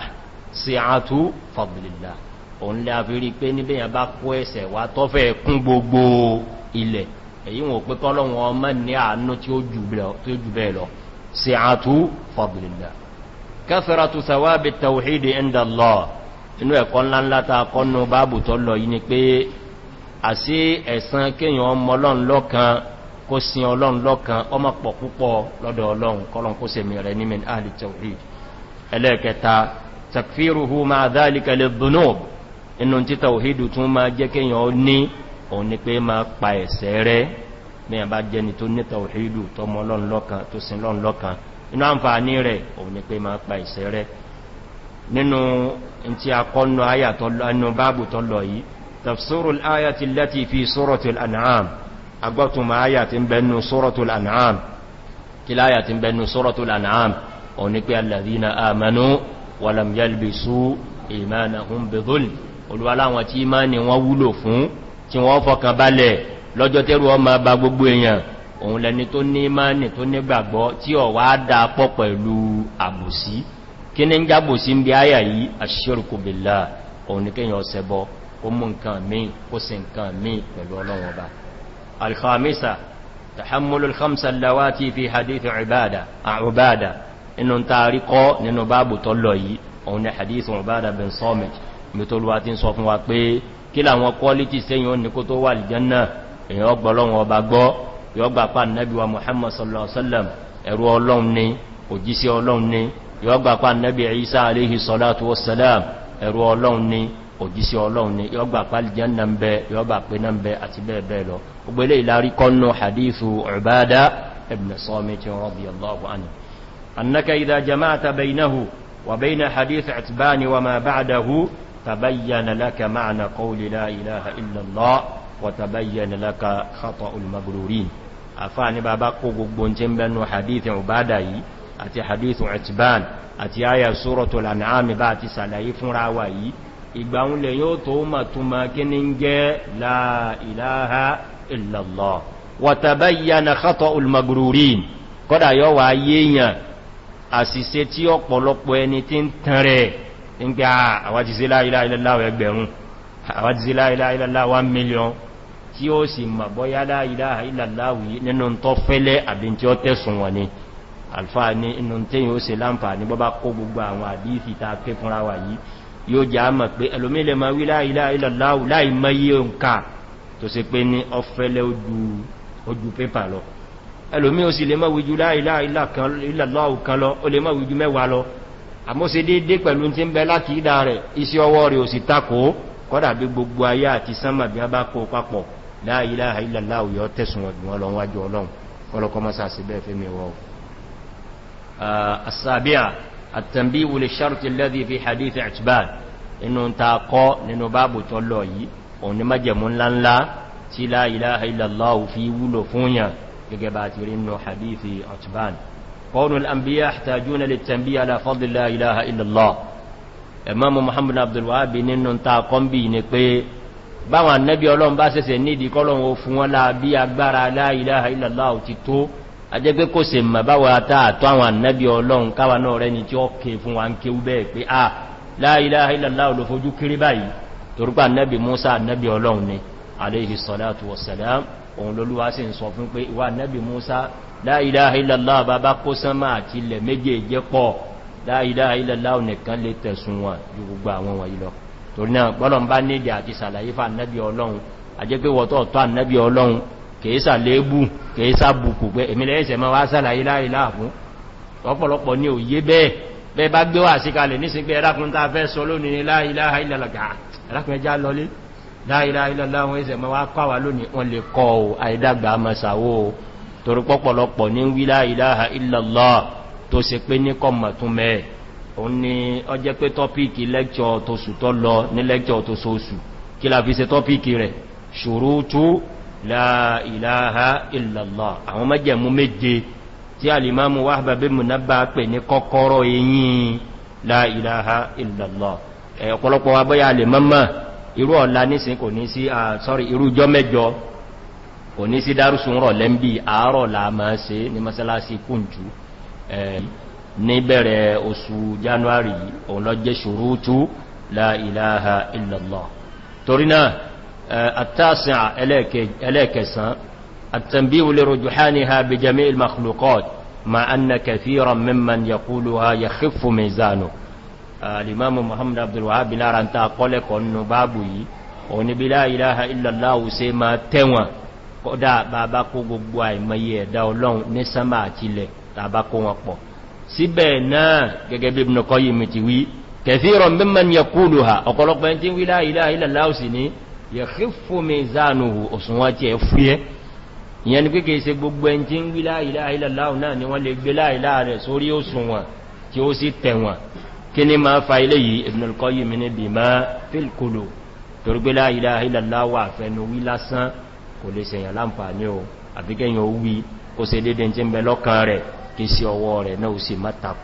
sí àtúfàdìlìlá òun lè àfírí pé níbẹ̀yàn bá kó ẹsẹ̀ wá tọ́fẹ́ kún gbogbo ilẹ̀ èyí wọn pẹ́ kọ́lọ́run ọmọ ní àánú tí ó jù bẹ́ẹ̀ lọ sí àtúfàdìlìlá kẹfẹ́ra tó sàwábi tàwíìdì ẹndàlọ́ọ̀ inú ẹ̀kọ́ ńláńlá ta kọ́nù báàbù tó lọ yìí ni pé àsí ẹ̀san kéèyàn ọmọ ọlọ́run lọ́kan kó sin ọlọ́run lọ́kan ọmọ pọ̀ púpọ̀ lọ́dọ̀ ọlọ́run kọ́lọ́n kó sèmì rẹ̀ ní min ahli tawhid ẹlẹ́ẹ̀kẹta takfiruhu ma dhalika lidhunub inú tí tawhid tún máa jẹ́ kéèyàn ní òun ni pé máa pa ẹ̀ṣẹ̀ rẹ̀ mẹ́yàn nínú tí a kọ́nà ayàtọ̀lọ́nà báàbù tọ́lọ̀ yìí tafsirul ayati lati fi suratul an'am agbọ́tùnmọ̀ ayàtí ń bẹnu suratul an'am kí láyàtí ń bẹnu suratul an'am o ní pé alladhina amanu walam yalbisu imanahum bidhul olúwaláwọn tí ma ni wọ́n wúlò fún tí wọ́n kí ní jábò sí bí áyà yìí aṣírùkù bèlà òun ní kíyàn ọ̀sẹ̀bọ kó mú nǹkan míì kó sì nǹkan míì pẹ̀lú ọlọ́run ọba alkhamisa tahammulu alkhamsa lawati fi hadith ibada ubada inú taari kọ́ nínú báàbù tó lọ yìí òun ni hadith ubada bin somit mi tó lùwà tí ń sọ fún wa pé kí yọ gbà pa nẹ́bí Ìsá aléhì sọ́látù wọ́sẹ̀lám ẹ̀rù ọlọ́run ni òjísí ọlọ́run ni yọ gbà pa aljanna ń bẹ yọ gbà pé náà ń bẹ àti bẹ́ẹ̀ bẹ́ẹ̀ lọ ogbélé ìlarí kọ́nù hadithu Ubada ibn àti hadithu itban àti àyà suratul an'am bá àti sàlàyé fúnra wa yìí ìgbàunlẹ̀ yóò tó mọ̀túnmà kí ní jẹ́ la ilaha illallah wa tabayyana khata'ul maghrurin kọ́dà yóò wá yéèyàn àṣìṣe tí ọ̀pọ̀lọpọ̀ ẹni tí ń tàn rẹ̀ ń gbà àwájíṣẹ́ la ilaha illallah ẹgbẹ̀rún àwájíṣẹ́ la ilaha illallah 1 ó alfa ní inú tẹ́yìn ó se láǹfà ní bọ́bá kó gbogbo àwọn àdífì ta pé fúnra wà yìí yóò jẹ́ àmà pé ẹlòmílẹ̀ ma wí láìláìláwù láì mẹ́yẹ ǹkà tó se pé ní ọfẹ́lẹ́ ojú pépà lọ ẹlòmí ó sì lè mọ́wí ju láìláìláwù kan lọ ó lè mọ́wí ju mẹ́wàá lọ àmóse dédé pẹ̀lú tí ń bẹ láti ìdá rẹ̀ iṣẹ́ ọwọ́ rẹ̀ السابعة التنبيه للشرط الذي في حديث اعتباد inú ta kọ́ nínú báàbù tó lọ yìí òun ni májẹ̀mú ńláńlá tí la ilaha illallah fi wúlò fúnyà gẹ́gẹ́ bá ti rí nínú hadithi ọ̀tùbán kọ́nù al'ambiya yahtajuna lit-tanbih ala fadli la ilaha illallah imamu muhammad abdul wahhab nínú ta kọ́mbì ni pé báwọn annabi ọlọ́run bá sẹ́sẹ̀ nídìí kọ́lọ́run ó fún wọn láàbí agbára la ilaha illallah ti tó a jẹ́ pé kò se mọ̀ báwọ̀ àtàtọ́ àwọn annabi ọlọ́run káwà náà rẹ̀ ni tí ó ké fún wa ń ké ubẹ́ pé a ah, la ilaha illallah ló fojú kiri báyìí torúkọ annabi musa annabi ọlọ́run ni alayhi salatu wassalam òun lolúwa sì ń sọ fún pé ìwà annabi musa la ilaha illallah bàbá kó sánmà àti ilẹ̀ méjèèjì pọ̀ kèésà lébù kèésà bùkù pé èmìlẹ̀ ẹ̀ṣẹ̀ ma wá sàlàyé láìláà fún ọ̀pọ̀lọpọ̀ ní òye bẹ́ẹ̀ bẹ́ẹ̀ bá gbé wà síkalẹ̀ nísìn pé ẹ̀rákùn tàà fẹ́ sọ lónìí láìláà ìlàlàgà ẹ̀rákùn ẹjá lọlé láìláà ìlàlàà wọn ẹ̀ṣẹ̀ ma wá kọ́wà lónìí wọn lè kọ́ ò àìdàgbà masáwó torí pọ́pọ̀lọpọ̀ ní wí láìláà ìlàlàà tó se pé ní kọmọ̀ tún mẹ́ o láìláha ìlàlá àwọn mẹ́jẹ̀mú méje tí alìmáàmù wáhàbà bí mú náà bá pè ní kọ́kọ́rọ̀ eyín láìláha ìlàlá ọ̀pọ̀lọpọ̀ wa bọ́yá alì mọ́mọ́ irú ọ̀la nísìn kò ní sí sorry irújọ́ mẹ́jọ kò ní sí dárùsùn rọ̀ lẹ́mbì àárọ̀ làmáà se ní masalasi kúnjú ní bẹ̀rẹ̀ oṣù january òun lọ التاسعة إليكسا التنبيه لرجحانها بجميع المخلوقات مع أن كثيرا ممن يقولها يخف ميزانه الإمام محمد عبد الوهاب لارا أنت أقول لك أنه بابي ونبي لا إله إلا الله سيما تنوى kọ́dá bàbá kó gbogbo àìmọye ẹ̀dá ọlọ́run ní sánmà àti ilẹ̀ tàbá kó wọn pọ̀ síbẹ̀ náà gẹ́gẹ́ bí ibùnukọ́ yìí mi ti wí kẹfí rọ̀ mímọ̀ ni ẹkùlù ha ọ̀pọ̀lọpọ̀ ẹni tí wí láìláìláìláìsì ní yẹ̀ kífòmí ìzánuhù òsùnwọ́n ti ẹ̀ fúyẹ́ ìyẹn ni pé kìí ṣe gbogbo ẹn tí ń wí la ilaha illallah náà ni wọ́n lè gbé la ilaha rẹ̀ sórí òsùnwọ̀n tí ó sì tẹ̀wọ̀n kí ní máa fa ilé yìí Ibn al-Qayyim ní bí máa fílkùlù torí gbé la ilaha illallah wà fẹ́nu wí lásán kò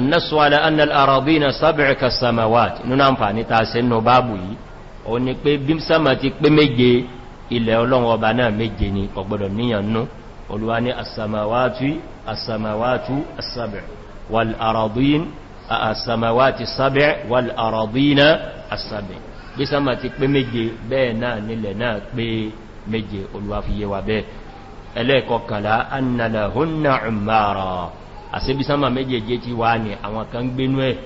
lè annal aradina sab'a kasamawat nuna amfani ta se babu yi o ni pé bí sáma ti pé méje ilẹ̀ ọlọ́run ọba náà méje ni ọgbọ̀dọ̀ níyànnú olúwa ní asamawatu asamawatu asabẹ̀ wal aradin asamawati sabẹ̀ wal aradina asabẹ̀ bí sáma ti pé méje bẹ́ẹ̀ náà nílẹ̀ náà pé méje olúwa fi yé wa bẹ́ẹ̀ ẹlẹ́ẹ̀kọkànlá annalahunna umara àṣíbí sánmà méjèèjì ti wá ní àwọn kan gbénú ẹ̀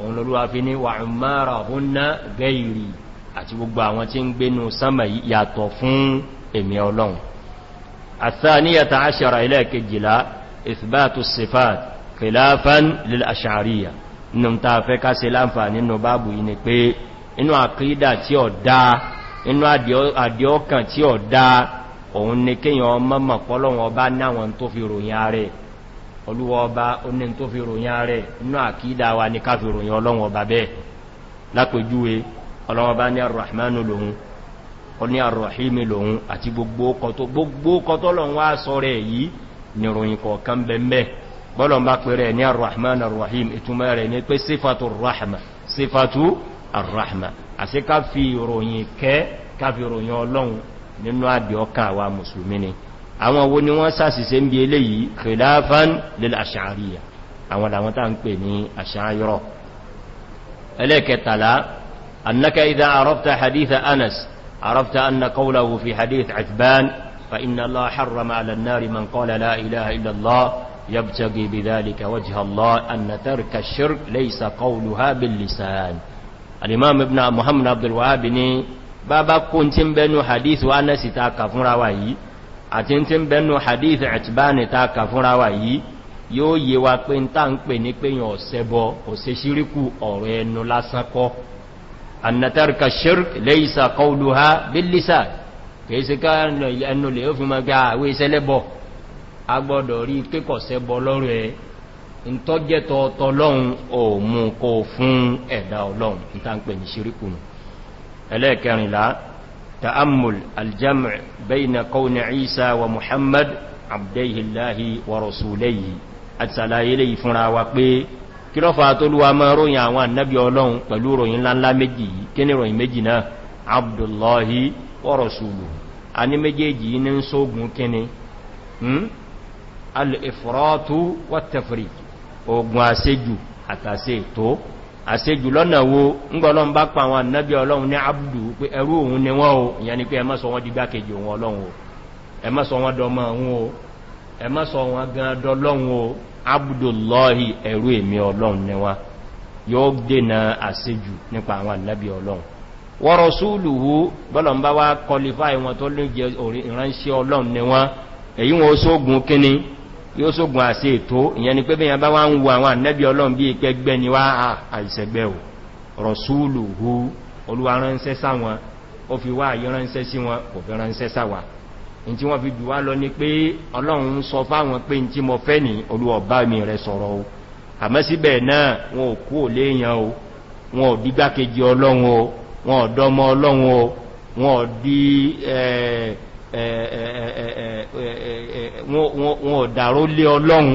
òun lọ́lúwà fi ní wà umara hunna gairi àti gbogbo àwọn tí ń gbénu sánmà yàtọ̀ fún èmì ọlọ́run àtàníyàtà aṣàrà ilẹ̀ kejìlá ìfìbátù sifat kìláfán lil aṣàríyà nínú ta fẹ́ kásẹ láǹfà nínú báàbù yìí ni pé inú àkídà tí ó dá inú àdíọ́kàn tí ó dá òun ni kíyàn mọ́mọ̀ pọ́lọ́wọ́n ọba náwọn tó fi ròyìn ààrẹ olúwa ọba ó ní tó fi ròyìn ààrẹ inú àkídà wa ni ká fi ròyìn ọlọ́wọ́n ọba bẹ́ẹ̀ ọlọ́wọ́ bá ní arrahmanu lòun ó ní arrahimi lòun àti gbogbo kọtọ́ lọ́n wá sọ rẹ̀ yìí nìròyìn kọ̀ọ̀kan bẹ̀mẹ́ bọ́lọ̀n bá pẹ̀rẹ̀ ní arrahman arrahim ìtumọ̀ rẹ̀ ní pé sífàtù arrahma sífàtù arrahma àti ká fi ròyìn kẹ́ ká fi ròyìn ọlọ́run ẹlẹ́kẹtàlá أنك إذا عرفت حديث أنس عرفت أن قوله في حديث عتبان فإن الله حرم على النار من قال لا إله إلا الله يبتغي بذلك وجه الله أن ترك الشرك ليس قولها باللسان الإمام ابن محمد عبد الوهاب بابا كنت بين حديث أنس bẹnu hadith wa بين حديث عثبان fúnra wà yìí àti wà yóò yíwa pé ń pè ní pé yàn ọ̀sẹ́bọ òsèṣíríkù ọ̀rọ̀ ẹnu lásán kọ́ annatarka shirk laysa qawluha bil lisan ke se ka ẹnu le o fi ma ga we se lebo agbọ́dọ̀ rí pé kò se bo lọ́rọ̀ ẹ n tó jẹ́ tó tọlọ́hun ó mú kó fún ẹ̀dá Ọlọ́hun n ta ń pè ní shiriku nu ẹlẹ́kẹrìnlá ta'ammul aljam' bayna qawni Isa wa Muhammad abdayhi llahi wa rasulihi àti sàlàyé lè fúnra wa pé kí lọ́fà tó lúwa máa ròyìn àwọn annabi ọlọ́run pẹ̀lú ròyìn láńlá méjì yìí kí ní ròyìn méjì náà abdullahi wọ́rọ̀sùlù a ní méjèèjì yìí ní sógun kíni hmm? al-ifratu ogun aséjù àtàsé tó aséjù lọ́nà wo ngbọ́lọ́n annabi abdu o abdullahi ẹ̀rú èmì ọlọ́run ni wá yóò dènà àṣejù nípa àwọn ànábì ọlọ́run wọ́n rọ̀súlùú bọ́lọ̀n bá wá kọlifáì wọn tó ló jẹ ìránṣẹ́ ọlọ́run ni wọ́n èyí wọn ó sógun kíní yóò sógun àṣẹ ètò ìyẹn ni pé bí yẹn bá wá ń wo àwọn ànábì ọlọ́run bí ipẹ́ gbẹ́ ni wá ah, àìsẹ̀gbẹ́ ò rọ̀súlùú olúwa ránṣẹ́ sáwọn ó fi wá àyíránṣẹ́ sí wọn kò fi ránṣẹ́ sáwàá in tí wọ́n fi jù wá lọ ní pé ọlọ́run ń sọ fáwọn pé tí mọ fẹ́ ní olúọ̀bá mi rẹ̀ sọ̀rọ̀ o àmọ́ síbẹ̀ náà wọn ò kú ò o wọn ò dígbákejì ọlọ́run o wọn ò ọlọ́run o wọn ò lé ọlọ́run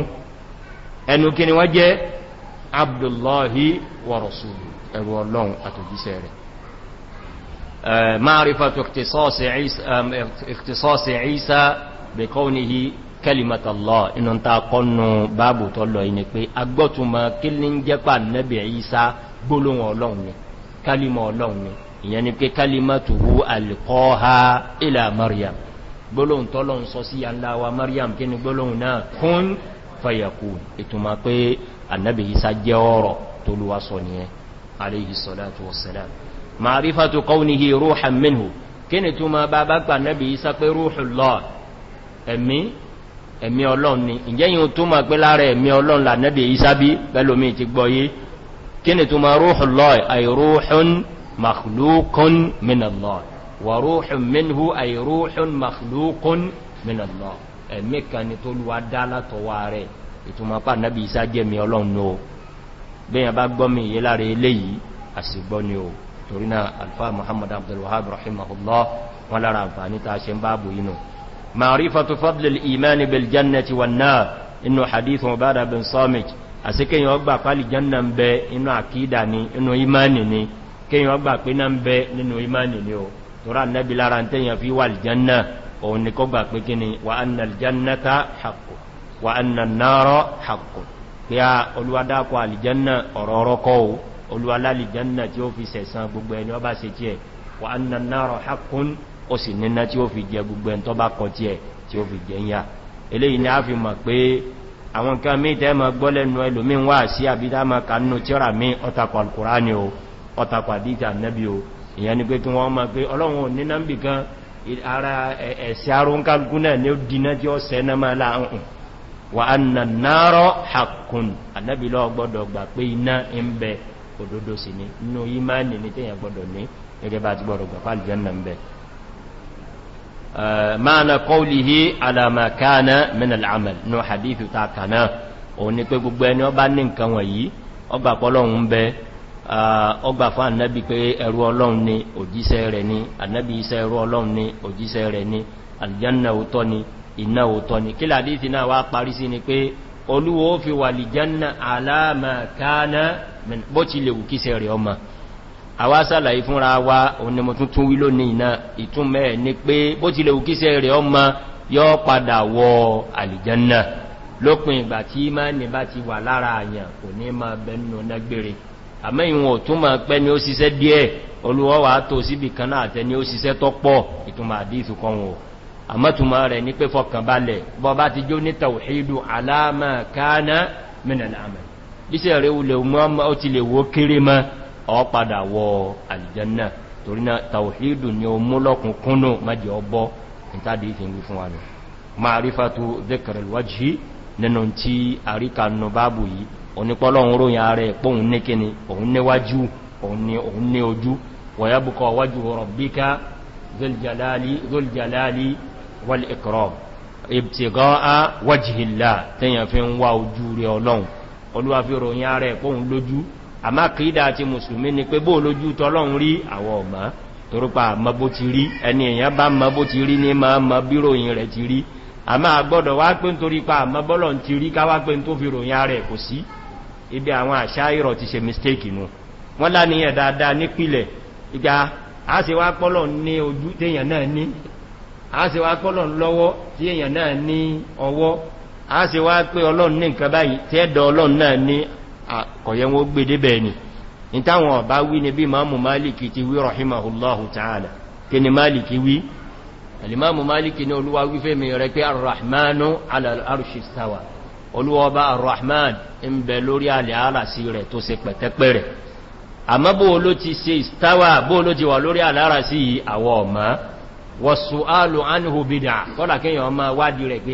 ẹnu kí ni wọ́n jẹ́ abdullahi wọ̀rọ̀sùn ẹ̀rọ ọlọ́run àtòjíṣẹ́ rẹ̀ معرفة اختصاص عيسى, اختصاص عيسى بكونه كلمة الله إن انت قلنا باب طلع إنك بي أقبطما كل جفا النبي عيسى قلوا الله كلمة الله يعني كي كلمته ألقاها إلى مريم gbólóhùn tọ́lọ̀ ń الله sí كن بلونا kí فيكون gbólóhùn náà kún fayakú ìtumà pé annabi isa jẹ́ ọ̀rọ̀ ma'rifatu قونه ruhan منه kíni ما ma النبي bá روح الله isa pé ruhullah ẹ̀mí ẹ̀mí ọlọ́run ni ìjẹ́yìn tó ma pé lára ẹ̀mí ọlọ́run là nẹ́bí isa bí bẹ́lómi ti gbọ́yé kíni tó ma ruhullah ay ruhun makhluqun minallah wa ruhun minhu ay ruhun makhluqun minallah ẹ̀mí kan ni tó lúwa dá látọwà rẹ̀ ìtumọ̀ pà nẹ́bí isa jẹ́ mi ọlọ́run ní o bẹ́yàn bá gbọ́mí yé lára eléyìí àsìgbọ́ ni o torí náà alfa muhammad abdulwahab rahimahullah wọn lára àǹfàní ta ṣe ń báàbù inú ma'rifatu fadlil imani bil jannati wan nar inú hadith ubada bin samit àti kíyàn ọgbà pálì janna ń bẹ inú àkídà ni inú imani ni kíyàn ọgbà pé náà ń bẹ nínú imani ni o torí annabi lára ń tẹ́yàn fi wà aljanna òun ni kọ́gbà pé kí ni wa annal jannata haqqu wa annan nara haqqu pé a olúwadákọ̀ aljanna ọ̀rọ̀ ọ̀rọ̀ kọ́ o olúwalálì janna tí ó fi sẹ̀san gbogbo ẹni ọba ṣe tí ẹ̀ wà annan náà ó sì níná tí ó fi jẹ gbogbo ẹni tó kọ tí ẹ̀ tí ó fi jẹ ń yá eléyìí ni a fi mọ̀ pé àwọn kan mí tẹ́ ma gbọ́ lẹ́nu ẹlòmí wá sí àbídá ma kanú tíra o ọtakọ̀ àdíjà nẹ́bí o ni pé kí wọ́n ma pé ọlọ́run ní nọ́mbì kan wa annan náà haqqun ànábì ló gbọ́dọ̀ gbà pé iná ń òdodo sì ni nínú ìmáàni ní tẹ́yàn gbọ́dọ̀ ní gẹ́gẹ́ bá ti gbọ́dọ̀ gbàfà aljanna ń bẹ maana qawlihi ala ma kana min al-amal nínú hadithu ta kana òun ni pé gbogbo ẹni ó bá ní nǹkan wọ̀nyí ó gbà pé Ọlọ́run ń bẹ ó gbà fún annabi pé ẹrú Ọlọ́run bó ti lè wù kíṣẹ́ rẹ̀ ọmọ àwá sàlàyé fúnra wa òun ni mo tún tún wí lónìí iná ìtúnmẹ́ ni pé bó ti lè wù kíṣẹ́ rẹ̀ ọmọ yọ́ padà wọ àlìjánná lópin ìgbà tí ìmáni bá ti wà lára àyàn kò ní máa bẹnu nágbèrè àmẹ́ ìwọ̀n ò pẹ́ ni ó ṣiṣẹ́ díẹ̀ olúwọ́wà tó síbì kan náà tẹ́ ni ó ṣiṣẹ́ tọ́pọ̀ ìtùnmọ̀ àdíìsù kan wọ̀n àmọ́tùmọ̀ rẹ̀ ní pé fọkànbalẹ̀ bọ́ bá ti jó ní tàwíìdù aláàmà káánà mìnàlámẹ̀ bíṣẹ́ rẹ̀ ulẹ̀ mọ́ ó ti lè wó kéré mọ́ ọ padà wọ aljanna torí náà tàwàhídù ni o mú lọ́kùn kúnnù májì ọbọ́ ìtàdí ìfìn wí fún wa nù ma'rifatu dhikr al-wajhi nínú tí àríkà nù báàbù yìí onípọ́lọ́run ròyìn ààrẹ pòun ní kíni olúwa fi ròyìn ara ẹ̀ pòun lójú àmá kìídà ti mùsùlùmí ni pé bóò lójú tọ́lọ́run rí àwọn ọ̀má torípa mọ́ bó ti rí ẹni èyàn bá mọ́ bó ti rí ní mọ́ mọ́ bí ròyìn rẹ̀ ti rí àmá gbọ́dọ̀ wá pé ń torípa mọ́ bọ́lọ̀ ti rí káwá pé ń tó fi ròyìn ara ibi àwọn àṣà ìrọ̀ ti ṣe mistake nù wọ́n láníyàn dáadáa nípìlẹ̀ ìgbà a se wá pọ́lọ̀ ní ojú téèyàn náà ní a se wá a sì wá pé ọlọ́run ní nǹkan báyìí tí ẹ̀dọ̀ ọlọ́run náà ní àkọ̀yẹ wọn gbé débẹ̀ ni ìtàwọn ọ̀bá wí ni bí imamu maliki ti wí rahimahullahu ta'ala kí ni maliki wí alimamu maliki ni olúwa wífẹ́ mi rẹ̀ pé arrahmanu alarushistawa olúwa ọba arrahman ń bẹ lórí alẹ́ arásí rẹ̀ tó se pẹ̀tẹ́pẹ̀rẹ̀ àmọ́ bó ló ti se ìstáwà bó ló ti áàlù ánìhù bìdà kọ́lá kíyàn ọmọ wádìí rẹ̀ pé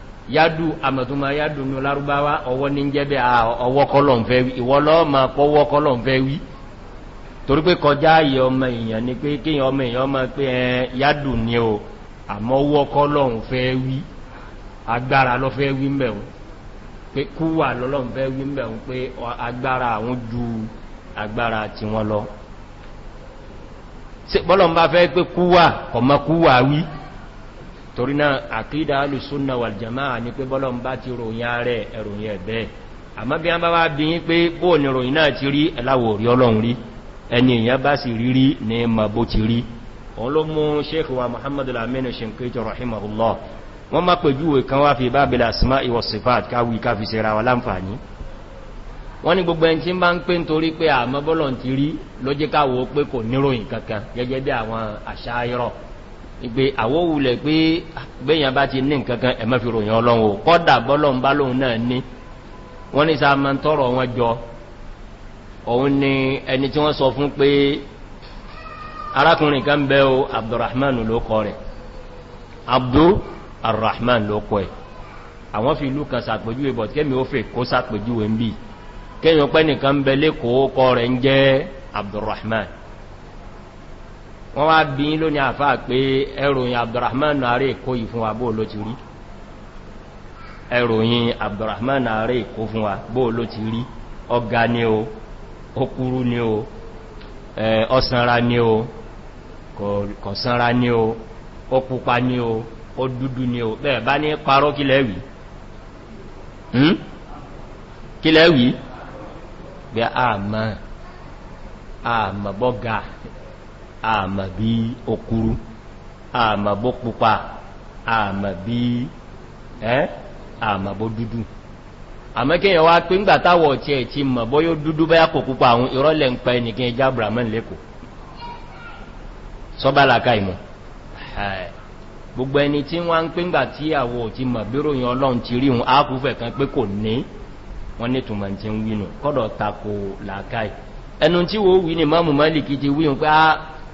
yádù àmàtúnmà yádù ní olárúbáwá ọwọ́ ní jẹ́bẹ̀ ọwọ́ kọlọ̀n fẹ́ wí ìwọ́lọ́ ma pọ́wọ́ kọlọ̀n fẹ́ wí torí pé kọjá ayẹ ọmọ èèyàn ni pé kíyàn ọmọ èèyàn ma pé ẹ yádù ní o àmọ́wọ́ kọlọ̀n fẹ́ wí agbára lọ fẹ́ wí mẹ́un pé kúwà lọ́lọ́n fẹ́ wí torí náà àkídà alùsúnnà wal jamaa ní pé bọ́lọ̀ ń bá ti ròyìn ààrẹ ẹ̀ròyìn ẹ̀bẹ́ àmọ́ bí wọ́n bá wá bí i pé bóò ní ròyìn náà ti rí ẹ̀láwò rí ọlọ́run rí ẹni èyàn bá sì rí rí ní ma bó ti rí òun wa muhammad al-amin shinkito rahimahullah wọ́n má pèjúwe kan wá fi bábìlì asma'i wa sifat káwí káfi sera wa láǹfààní wọ́n ní gbogbo ẹni tí bá ń pè nítorí pé àmọ́ ti rí ló pé kò níròyìn kankan gẹ́gẹ́ bí àwọn àṣà irọ́ ìgbé àwọ́wulẹ̀ pé gbéyàn ah, bá ti ní nǹkankan ẹ̀mọ́ fi ròyìn ọlọ́run ò kọ́dà bọ́lọ́n bá lóun náà ní wọ́n ní sáà máa tọ́rọ wọn jọ òun ni ẹni tí wọ́n sọ fún pé arákùnrin kan bẹ́ o abdurrahman ló kọ rẹ̀ abdurrahman ló kọ ẹ̀ àwọn fi ìlú kan sàpèjúwe bọ̀ kẹ́mi ó fẹ́ kó sàpèjúwe ń abdurrahman wọ́n wá bí lónìí àfá pé ẹròyìn abdurrahman ààrẹ èkó yìí fún wa bóò ló ti rí ẹròyìn abdurrahman ààrẹ èkó fún wa bóò ló ti rí ọgá ní o okúrú ní o ní o kọ̀sánra ní o ní o ó dúdú ní o bẹ́ẹ̀ bá ní parọ́ kí àmà bí okuru, àmà bó pupa àmà bí ẹ́ àmà bó dúdú àmọ́ kí èyàn wá pé ń gbàtàwọ̀ ọ̀tí ẹ̀ ti mọ̀ bó yóò dúdú bá yàkò pupa àwọn ìrọ́lẹ̀ ń pa ẹnìkan ẹjá brahman lẹ́kọ̀ọ́ sọ́bálàkà ìmọ̀ gbogbo ẹni tí wọ́n ń pín gbà tí àwọ̀ tí mọ̀ bírò yàn ọlọ́run ti rí hun ápùfẹ̀ kan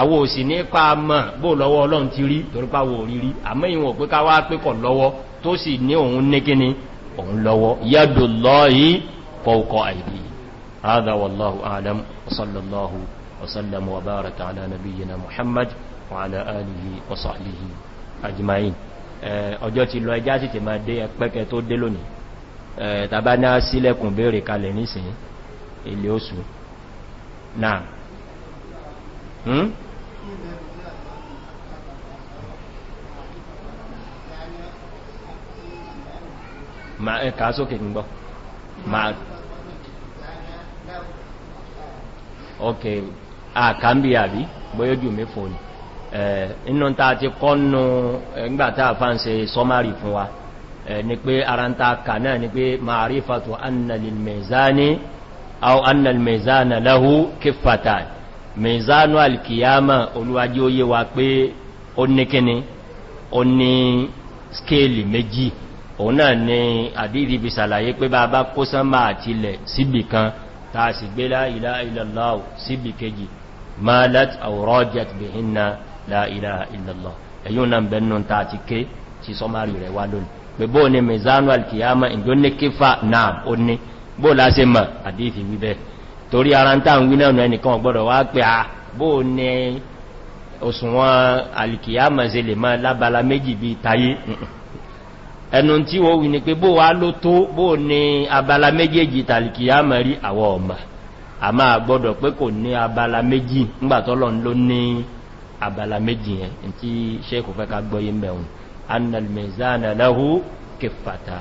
àwọ òsì ní pa mọ̀ bó lọ́wọ́ ọlọ́run ti rí torípa wo rírí àmọ́ ìwọ̀n pé ká wá pẹ́kọ̀ lọ́wọ́ tó sì ní òun négíní òun lọ́wọ́ yẹ́dù lọ́yí fọ́ọ̀kọ́ àìdí هذا والله أعلم وصلى الله وسلم وبارك على نبينا محمد وعلى آله وصحبه أجمعين ọjọ́ ti lọ ẹjá sì ti máa dé ẹpẹ́kẹ tó dé lónìí ma ẹka sókè ń gbọ́ ma ok àkàmbí àbí bóyójú mi fò ní inú ta ti kọ́nù ẹgbàtà fáǹsẹ sọmárì fún wa ni pé ara ń ta kà náà ni pé ma'rifatu anna lil mizani aw anna al mizana lahu kiffatan mizanu al qiyama olúwájí ó wa pé ó ní kíni ó ní òun náà ni àdídì fi sàlàyé pé bá bá kó sánmà àti ilẹ̀ síbì kan tàà sì gbé la ilaha illallah síbì kejì malat aw rajat bihinna la ilaha illallah ẹ̀yùn náà bẹ̀nù tàà ti ké tí sọmárì rẹ̀ wá lónìí pé bóò ni mizanu alkiyama ìjọ ní kífà náà ó ní bóò lásẹ̀ mọ̀ àdídì wíbẹ̀ lè máa lábala méjì bí tayé ẹnu tí wọ́n wí ni pé bó wá ló tó bó ní abala méjèèjì tàlìkì yá mẹ́rí àwọ̀ ọ̀mà a máa gbọ́dọ̀ pé kò ní abala méjì ńgbàtọ́lọ̀ ló ní abala méjì yẹn tí sẹ́kù fẹ́ ká gbọ́yé mẹ́un annal mizana lahu kifata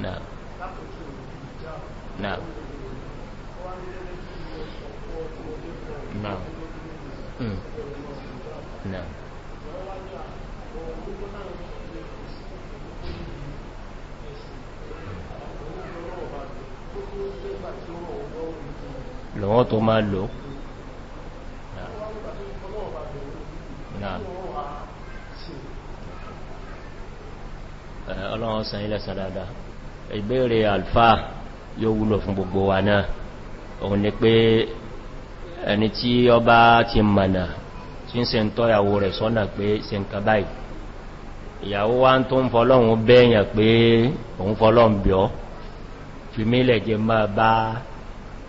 náà náà náà náà. lọ́wọ́ tó máa lò ọlọ́run san ilẹ̀ sàdáadáa ìbéèrè alfa yóò wúlò fún gbogbo wa náà òun ni pé ẹni tí ọ bá ti mọ̀nà tí ń ṣe ń tọ́ ìyàwó rẹ̀ sọ́nà pé ṣe ń kàbáyì ìyàwó wá ń tó ń fọlọ́run bẹ́yàn pé òun fọlọ́run bí ọ́ fi mílẹ̀ jẹ máa bá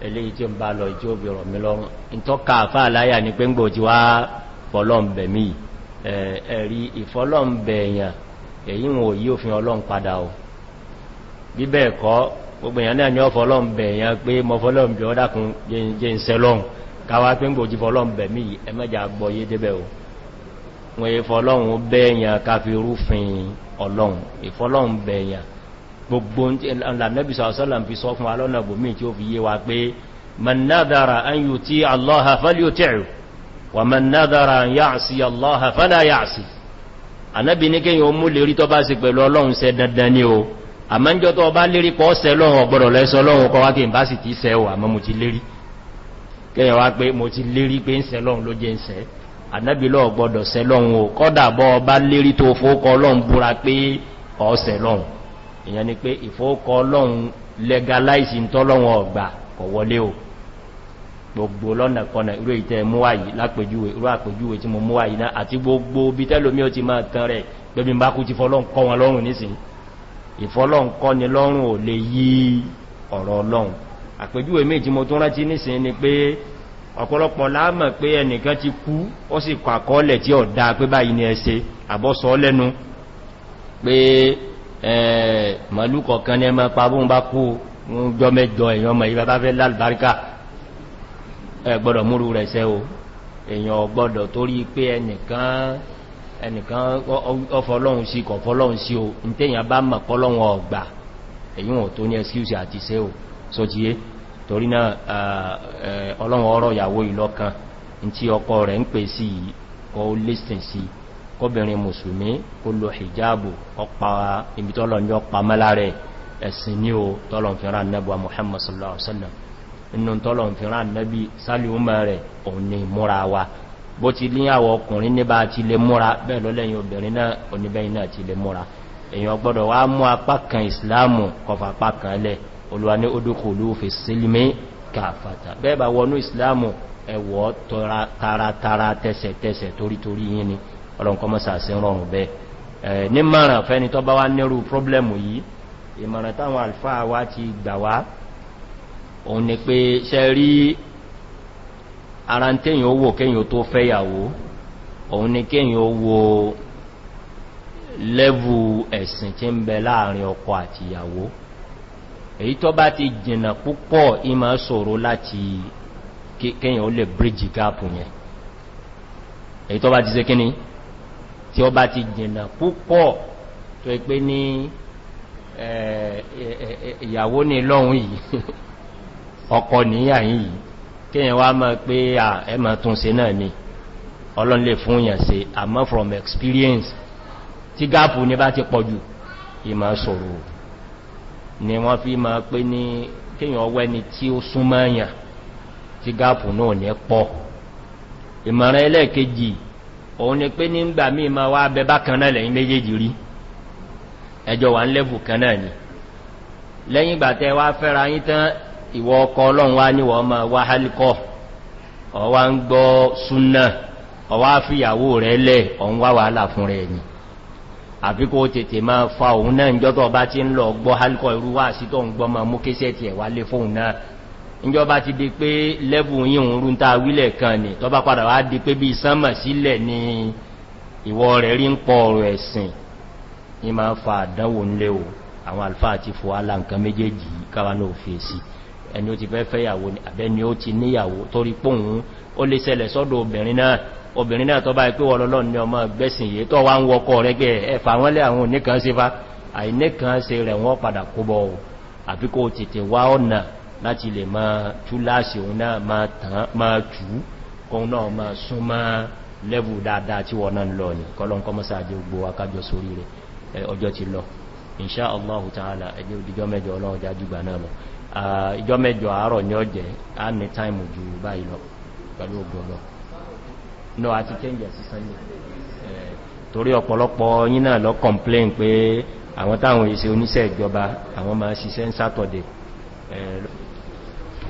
eléyìí tí ó bá ẹ̀rí ìfọlọ́mbẹ̀ẹ̀yàn èyí wọn òfin ọlọ́run padà bíbẹ̀ ẹ̀kọ́ gbogbo èèyàn náà ni ọ fọ́lọ́m bẹ̀ èèyàn pé mọ fọ́lọ́m jọ dákun jẹ ìṣẹ́lọ́m káwà pé ń gbòjì fọ́lọ́m bẹ̀ mí ẹmẹ́jà gbọ́ yé débẹ̀ o wọ́n yé fọ́lọ́m bẹ̀ èèyàn ká àmọ́njọ́ tó ọba lérí pọ̀ ọ́sẹ̀ lọ́wọ́ ọgbọ̀rọ̀ lẹ́sọ lọ́wọ́ kọwàá kí n bá sì ti sẹ́ wà mọ́ mo ti lérí kẹwàá pé mo ti lérí pé ń sẹ lọ́wọ́ ló jẹ́ ń sẹ́ ànábìlọ́ ọgbọ̀dọ̀ sẹ lọ́wọ́ legalize ń tọ́lọ́wọ́ ọgbà kọ̀ wọlé o gbogbo lọ́nà kọ̀nà irú ìtẹ́ múwàyí lápẹjúwe irú àpẹjúwe tí mo múwàyí náà àti gbogbo bí tẹ́lómí ó ti máa tán rẹ̀ gbẹ́bí bá kú ti fọ́lọ́n kọ́ wọn lọ́rùn nísìnyí ìfọ́lọ́nkọ́ni lọ́rùn ò lè yí ọ̀rọ̀ ọlọ́run àpèjúwe méjì mo tún rántí nísìn ni pé ọ̀pọ̀lọpọ̀ láàmọ̀ pé ẹnìkan ti kú ó sì kọ àkọọ́lẹ̀ tí ọ̀dá pé báyìí ni ẹsẹ àbọ́sọ lẹ́nu pé màlúkọ̀ kan ní ẹmọ pàbún bá kú jọ mẹ́jọ èèyàn mọ̀ ìbá bá fẹ́ lálbáríkà ẹ gbọ́dọ̀ múrú rẹ̀ sẹ́ o èèyàn gbọ́dọ̀ torí pé ẹnìkan ẹnìkan ọfọlọ́hun sí kọ̀fọlọ́hun sí o ya tẹ́yìn bá mọ̀ pọ́lọ́hun ọgbà èyí wọn tó ní excuse àti ṣe o so jíye torí náà ọlọ́run ọ̀rọ̀ ìyàwó ìlọ́kan tí ọkọ rẹ̀ ń pè sí listen sí kọbìnrin musulmi kó lo hijabu ọpa ibi bó ti líyàwó ọkùnrin níbà ti lè múra bẹ́ẹ̀ ló lẹ́yìn obìnrin náà oníbẹ̀yìn náà ti lè múra èyàn gbọ́dọ̀ wá mú apá kan ìsìláàmù kọfà apá kan lẹ olúwa ní odókòlú fi sílmé kàfàtà bẹ́ẹ̀ bá wọnú ìsìláàmù ẹ̀wọ̀ taratara tẹ́sẹ̀tẹ́sẹ̀ torítorí yín ni ọlọ́nkọmọ́sà sí rọrùn bẹ́ẹ̀ ní mọ̀ràn fẹ́ni tó bá wá nírú pọ́blẹ̀mù yìí ìmọ̀ràn táwọn alfáà wá ara ń tẹ́yìn owó kẹ́yìn tó fẹ́yàwó òun ni kẹ́yìn owó lẹ́vù ẹ̀sìn tí ń bẹ láàrin ọkọ àti ìyàwó èyí tó bá ti jìnà púpọ̀ ìmá sọ̀rọ̀ láti kẹ́yìn ó lè bridge gap yẹn èyí tó bá ti ṣe kíní tí ó bá ti jìnà púpọ̀ tó pé ní ìyàwó ní lọ́hun yìí ọkọ níyà yìí kíyàn wá mọ́ pé ẹmọ̀ tún ṣe náà ni ọlọ́n lè fún yàn ṣe àmọ́ from experience tí gáàpù ní bá ti pọ̀jù ìmọ̀ sọ̀rọ̀ ni wọ́n fi mọ́ pé ní kíyàn ọwọ́ ẹni tí ó súnmọ́ yàn tí gáàpù náà ní pọ̀ ìmọ̀ràn ẹlẹ́ẹ̀kejì òun ni pé nígbà míì ma wá bẹ bá kan náà lẹ́yìn méjèèjì rí ẹjọ́ wà ń lẹ́fù kan náà ni lẹ́yìn ìgbà tẹ́ wá fẹ́ra yín tán ìwọ ọkọ̀ ọlọ́run wá níwọ̀ ọmọ wá hálíkọ́ ọwá ń gbọ́ súnnà ọwá fìyàwó rẹ̀ lẹ̀ ọun wá wàhálà fún rẹ̀ ni àfikò tètè máa fa òun náà ìjọ́tọ̀ bá ti ń lọ gbọ́ hálíkọ́ irú wá sí tó ń gbọ́ ma mú kéṣẹ́ ti ẹ̀wà lé fóun náà ìjọba ti di pé lẹ́bù fa àdánwò ńlẹ́ o àwọn alfáà ti fò alá nǹkan méjèèjì káwa náà fèsì ẹni ó ti fẹ́ fẹ́yàwó ni àbẹ́ni ó ti níyàwó torí pòhun ó lè ṣẹlẹ̀ sọ́dọ̀ obìnrin náà obìnrin náà tó bá ipé wọlọ́lọ́ ní ọmọ gbẹ́sìn yìí tó wá ń wọkọ rẹ̀ pé ẹfà wọ́n lé àwọn oníkan sí fa àìníkan sí rẹ̀ wọ́n padà kó bọ̀ àfi kó tètè wá ọ̀nà láti lè máa tú láàṣì òun náà máa tàn máa jù kóun náà máa sún máa lẹ́bù dáadáa tí wọ́n náà lọ ní kọlọ́nkọ́ mọ́sáàdé gbogbo akájọ sórí rẹ̀ ọjọ́ ti lọ inṣáàlá ta'ala ẹgbẹ́ ìjọ mẹ́jọ àárọ̀ ní ọjẹ́ a ní táìmù jù báyìí lọ pẹ̀lú ògbọ́lọ́ no a ti change sí sunday torí ọ̀pọ̀lọpọ̀ yín náà lọ complain pé àwọn táwọn iṣẹ́ oníṣẹ́ ìjọba àwọn máa ṣiṣẹ́ saturday